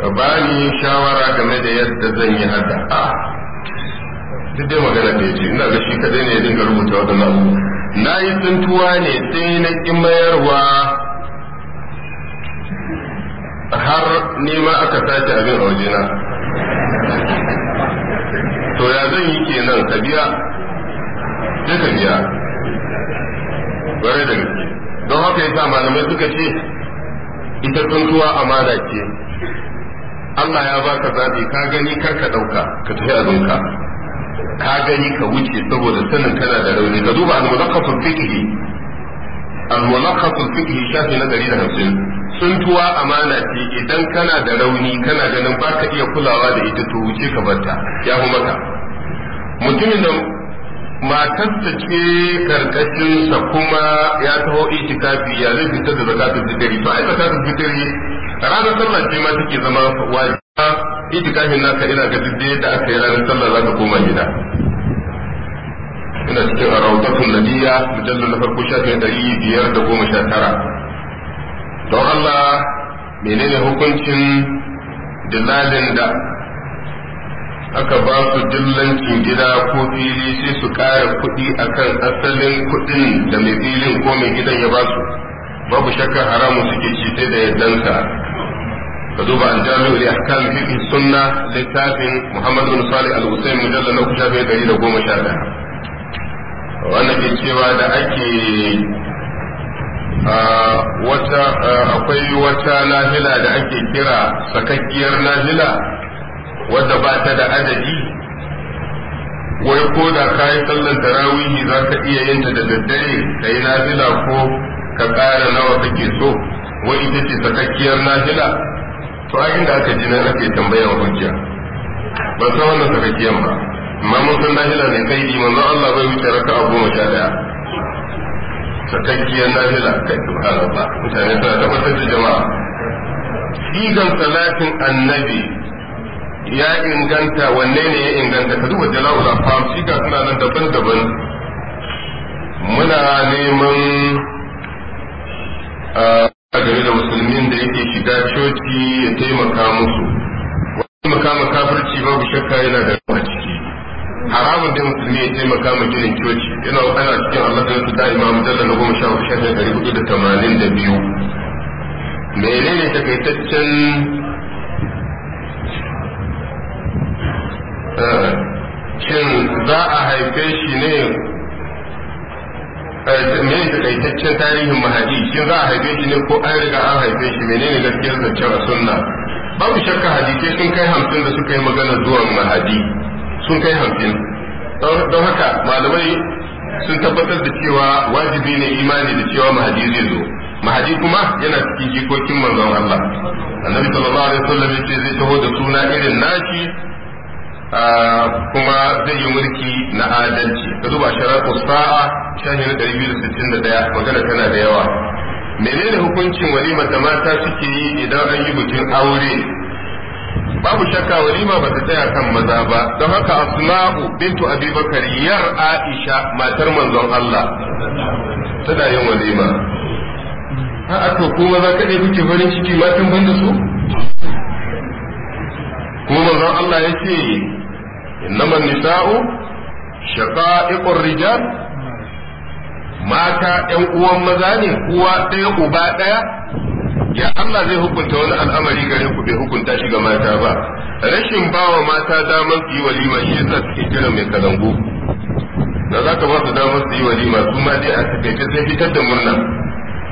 ka bani shawara game da yadda zan yi hadda duk dai magana da yace ina ga shi kadai ne ya dinga rubuta wadannan abu na yi tuntuwa ne sai na ƙi mayarwa har nema aka sace abin a wajena to ya zan yi kenan ka biya sai ka biya bare da gaske don haka yasa malamai suka ce ita tsuntuwa amana ce Allah ya baka zaɓi ka gani kar ka ɗauka, ka tafi abinka ka gani ka wuce saboda sanin kana da rauni ka duba al-mulakhasul fiqhi al-mulakhasul fiqhi shafi na 150 amana ce idan kana da rauni kana ganin ba ka iya kulawa da ita to wuce ka barta ya fi maka mutumin da matarsa ce karkashinsa kuma ya taho itikafi ya zai fitar da zakatun fitiri to ai zakatun fitiri ranar sallah ce ma take zama wajiba itikafin naka ina ga duk da aka yi ranar sallah za ka koma gida ina cikin rawdatun nabiyya mujallal na farko shafin ɗari biyar da goma sha tara don Allah menene hukuncin dilalin da aka ba su dillancin gida ko fili sai su kara kuɗi akan asalin kuɗin da mai filin ko mai gidan ya ba su babu shakka haramun suke ci sai da yaddansa ka duba an jami'u li ahkam sunna littafin Muhammad bin Salih al-Husayn mujallal na kusa gari da goma sha daya wannan ke cewa da ake wata akwai wata nafila da ake kira sakakkiyar nafila wadda ba ta da adadi wai ko da ka sallar sallan tarawihi za ka iya yin ta da daddare ka yi nafila ko ka ƙara nawa kake so wai ita ce sakakkiyar nafila to a inda aka ji nan ake tambayan hujja ba san wannan sakakiyan ba amma mun san nafila ne kai di manzo Allah bai wuce raka a goma sha daya sakakkiyar nafila kai subhanallah mutane suna tabbatar da jama'a sigan salatin annabi ya inganta wanne ne ya inganta ka duba jala'ul afam siga suna nan daban-daban muna neman ah, a da musulmin da yake shiga coci ya taimaka musu taimaka makama kafirci babu shakka yana da a ciki haramun da musulmi ya taimaka ma ginin coci yana wakana cikin Allah da su da'ima mujalla na goma sha hudu sha ɗari hudu da tamanin da biyu menene takaitaccen cin eh, za a haife shi ne Eh, menene takaitaccen tarihin mahadi shin za a haife shi ne ko an riga an haife shi menene gaskiyar zance a sunna babu shakka hadisai sun kai hamsin da suka yi magana zuwa mahadi sun kai hamsin don haka malamai sun tabbatar da cewa wajibi ne imani da cewa mahadi zai zo mahadi kuma yana cikin jikokin manzon Allah annabi sallallahu alaihi wasallam yace zai taho da suna irin nashi kuma zai yi mulki na adalci ka duba sharatu sa'a shahin 261 magana tana da yawa menene hukuncin walima da mata suke yi idan an yi bikin aure babu shakka walima ba ta tsaya kan maza ba don haka asma'u bintu abubakar yar aisha matar manzon Allah tana yin walima a to ko maza ka kuke farin ciki matan banda su kuma manzon Allah ya innama nisa'u shaqa'iqur rijal mata 'yan uwan maza ne kuwa ɗaya uba ɗaya ya Allah zai hukunta wani al'amari gare ku bai hukunta shi ga mata ba rashin bawa mata damar su yi walima shi yasa suke kira mai kalangu da za ka ba su damar su yi walima su ma dai a sai fitar da murna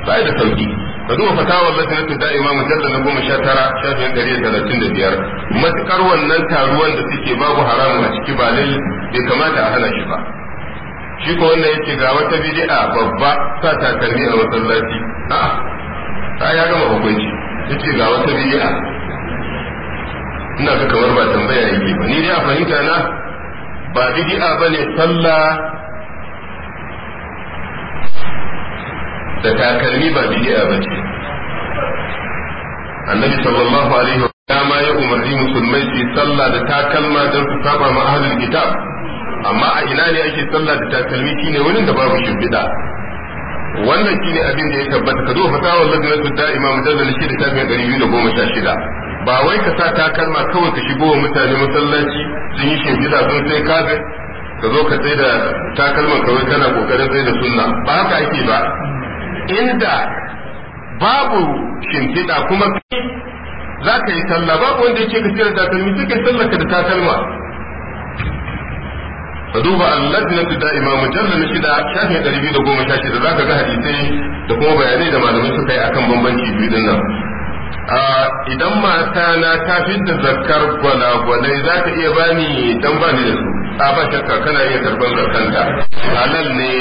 sai da sauki ka duba fatawar latinatu da'ima mujalla na goma sha tara shafin ɗari talatin da biyar matukar wannan taruwan da suke babu haramun a ciki ba lai bai kamata a hana shi ba shi ko wanda ga wata bid'a babba sa takalmi a masallaci a'a ta ya gama hukunci yace ga wata bid'a ina ga kamar ba tambaya yake ba ni dai a fahimta na ba bid'a bane sallah da takalmi ba bid'a ba ce annabi sallallahu alaihi wa sallam ya umarni musulmai su sallah da takalma don su saba ma ahlul kitab amma a ina ne ake sallah da takalmi shine wurin da babu shimfiɗa wannan shine abin da ya tabbata ka zo su da da'ima mujallal shi da sha shida. ba wai ka sa takalma kawai ka shigo wa mutane masallaci sun yi shimfiɗa sun sai kafin ka zo ka tsaye da takalman kawai kana kokarin tsaye da sunna ba haka ake ba inda babu shimfiɗa kuma za ka yi talla babu wanda yake ka cire takalmi sai ka yi ka da takalma ka duba Allah da lajnatu da'ima na shida shafi da za ka ga hadisai da kuma bayanai da malamai suka yi akan bambanci biyu din nan idan mata na ta da zakar gwalagwalai za ka iya bani dan bani da su a ba shakka kana iya karɓar zakanta halal ne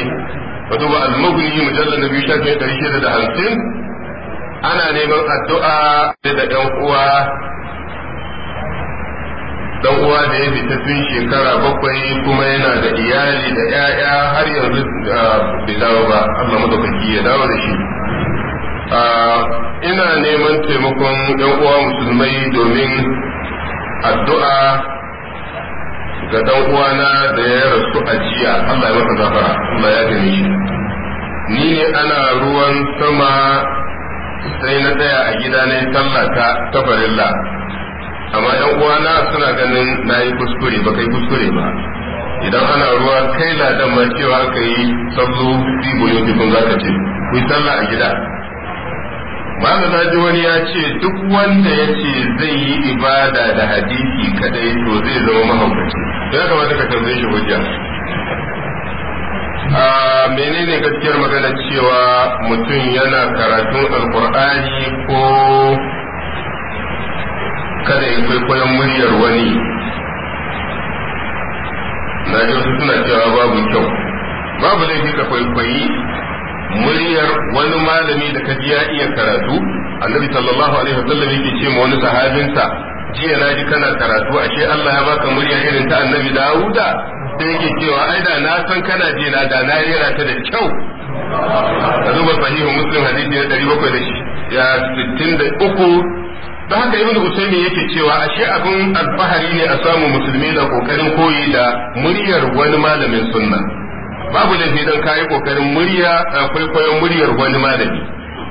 ka المغني مجلد النبي mujallal nabi da 650 ana neman addu'a da dan uwa dan uwa da ya fita shekara bakwai kuma yana da iyali da 'ya'ya har yanzu ah, bai dawo ba Allah madaukaki ya dawo da shi ah, ina neman taimakon yan uwa musulmai domin addu'a ga dan uwana da ya rasu a jiya Allah ya masa zafara Allah ya gane shi ni ne ana ruwan sama sai na tsaya a gida ne sallah ta tabarilla amma yan uwana suna ganin na yi kuskure ba kai kuskure ba idan ana ruwa kai ladan ma cewa ka yi sallu fi buyutikum zaka ce ku sallah a gida Malam na ji wani ya ce duk wanda ya ce zai yi ibada da hadisi kadai to zai zama mahaukaci. Ya kamata ka tambaye shi hujja. a menene gaskiyar magana cewa mutum yana karatun alkur'ani ko kada ya kwaikwayon muryar wani na wasu suna cewa babu kyau babu laifi ka kwaikwayi muryar wani malami da kaji ya iya karatu annabi sallallahu alaihi wasallam yake ce ma wani sahabinsa jiya na ji kana karatu ashe Allah ya baka murya irin ta annabi Dawuda sai yake cewa ai da na san kana ji na da na rera ta da kyau ka duba sahihu muslim hadisi na 700 ya 63 da haka ibn Usaymin yake cewa ashe abin alfahari ne a samu musulmi na kokarin koyi da muryar wani malamin sunna babu laifi dan kayi kokarin murya eh, kwaikwayon muryar wani malami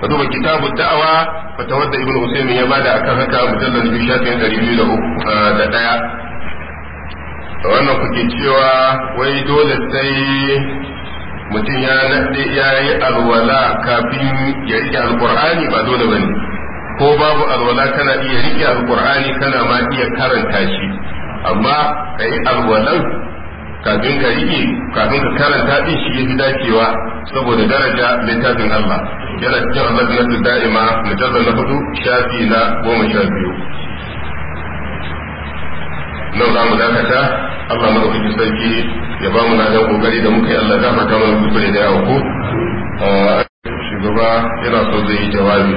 ka duba kitabu da'awa fa tawadda ibnu usaymin ya bada akan haka mujallal bi shafin ɗari biyu da uku eh, da ɗaya wannan kuke cewa wai dole sai mutum ya nade ya yi alwala kafin ya rike alkur'ani ba dole bane ko babu alwala kana iya rike alkur'ani kana ma iya karanta shi amma ka yi alwalan kafin ka riƙe kafin ka karanta din shi yafi dacewa saboda daraja littafin Allah yana cikin al su da'ima mujallal na hudu shafi na goma sha biyu nan za mu dakata Allah ɗauki sarki ya ba mu na dan kokari da muka yi Allah gafa ta mana kuskure da yawa ko shugaba yana so zai yi jawabi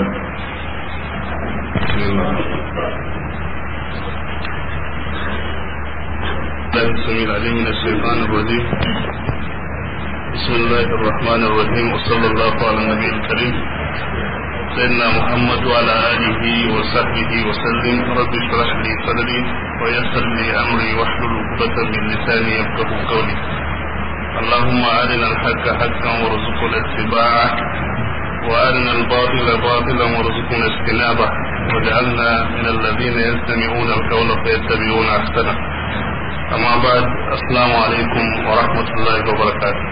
الله السميع العليم من الشيطان الرجيم بسم الله الرحمن الرحيم وصلى الله على النبي الكريم سيدنا محمد وعلى آله وصحبه وسلم رب اشرح لي صدري ويسر لي أمري واحلل عقدة من لساني يفقه قولي اللهم أرنا الحق حقا وارزقنا اتباعه وأرنا الباطل باطلا وارزقنا اجتنابه واجعلنا من الذين يستمعون القول فيتبعون أحسنه أما بعد السلام عليكم ورحمة الله وبركاته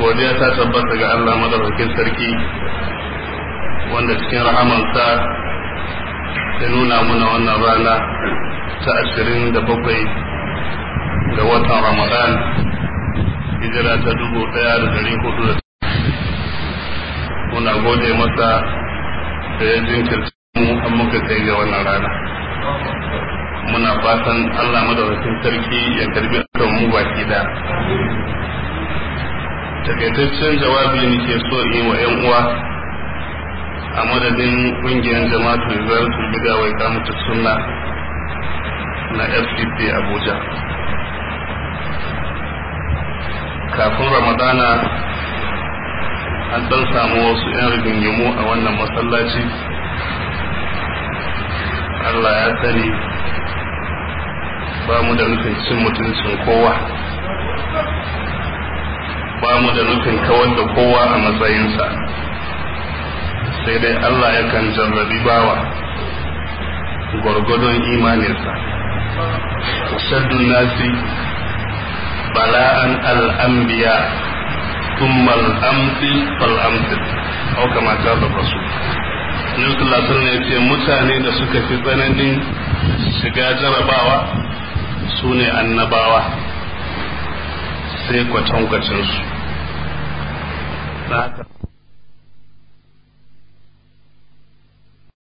godiya ta tabbata ga Allah madaukakin sarki wanda cikin rahamansa ya nuna muna wannan rana ta ashirin da bakwai ga watan ramadan hijira ta dubu daya da dari hudu da muna gode masa da ya jinkirta mu an muka kai ga wannan rana muna fatan Allah madaukakin sarki ya karbi akan mu baki da takaitaccen jawabi ne ke so in yi wa 'yan uwa a madadin ƙungiyar jama'atu zuwar sun biga wai kamutu sunna na fcp abuja kafin ramadana an ɗan samu wasu 'yan rigingimu a wannan masallaci Allah ya sani ba mu da nufin cin mutuncin kowa ba mu da nufin kawar da kowa a matsayinsa sai dai Allah ya kan jarrabi bawa gwargwadon imaninsa shaddun nasi bala'an al'ambiya ثم mal'amfi fal'amfi أو كما قال الرسول Nabi ya ce mutane da suka fi tsananin shiga jarabawa su ne annabawa sai kwatankwacin su.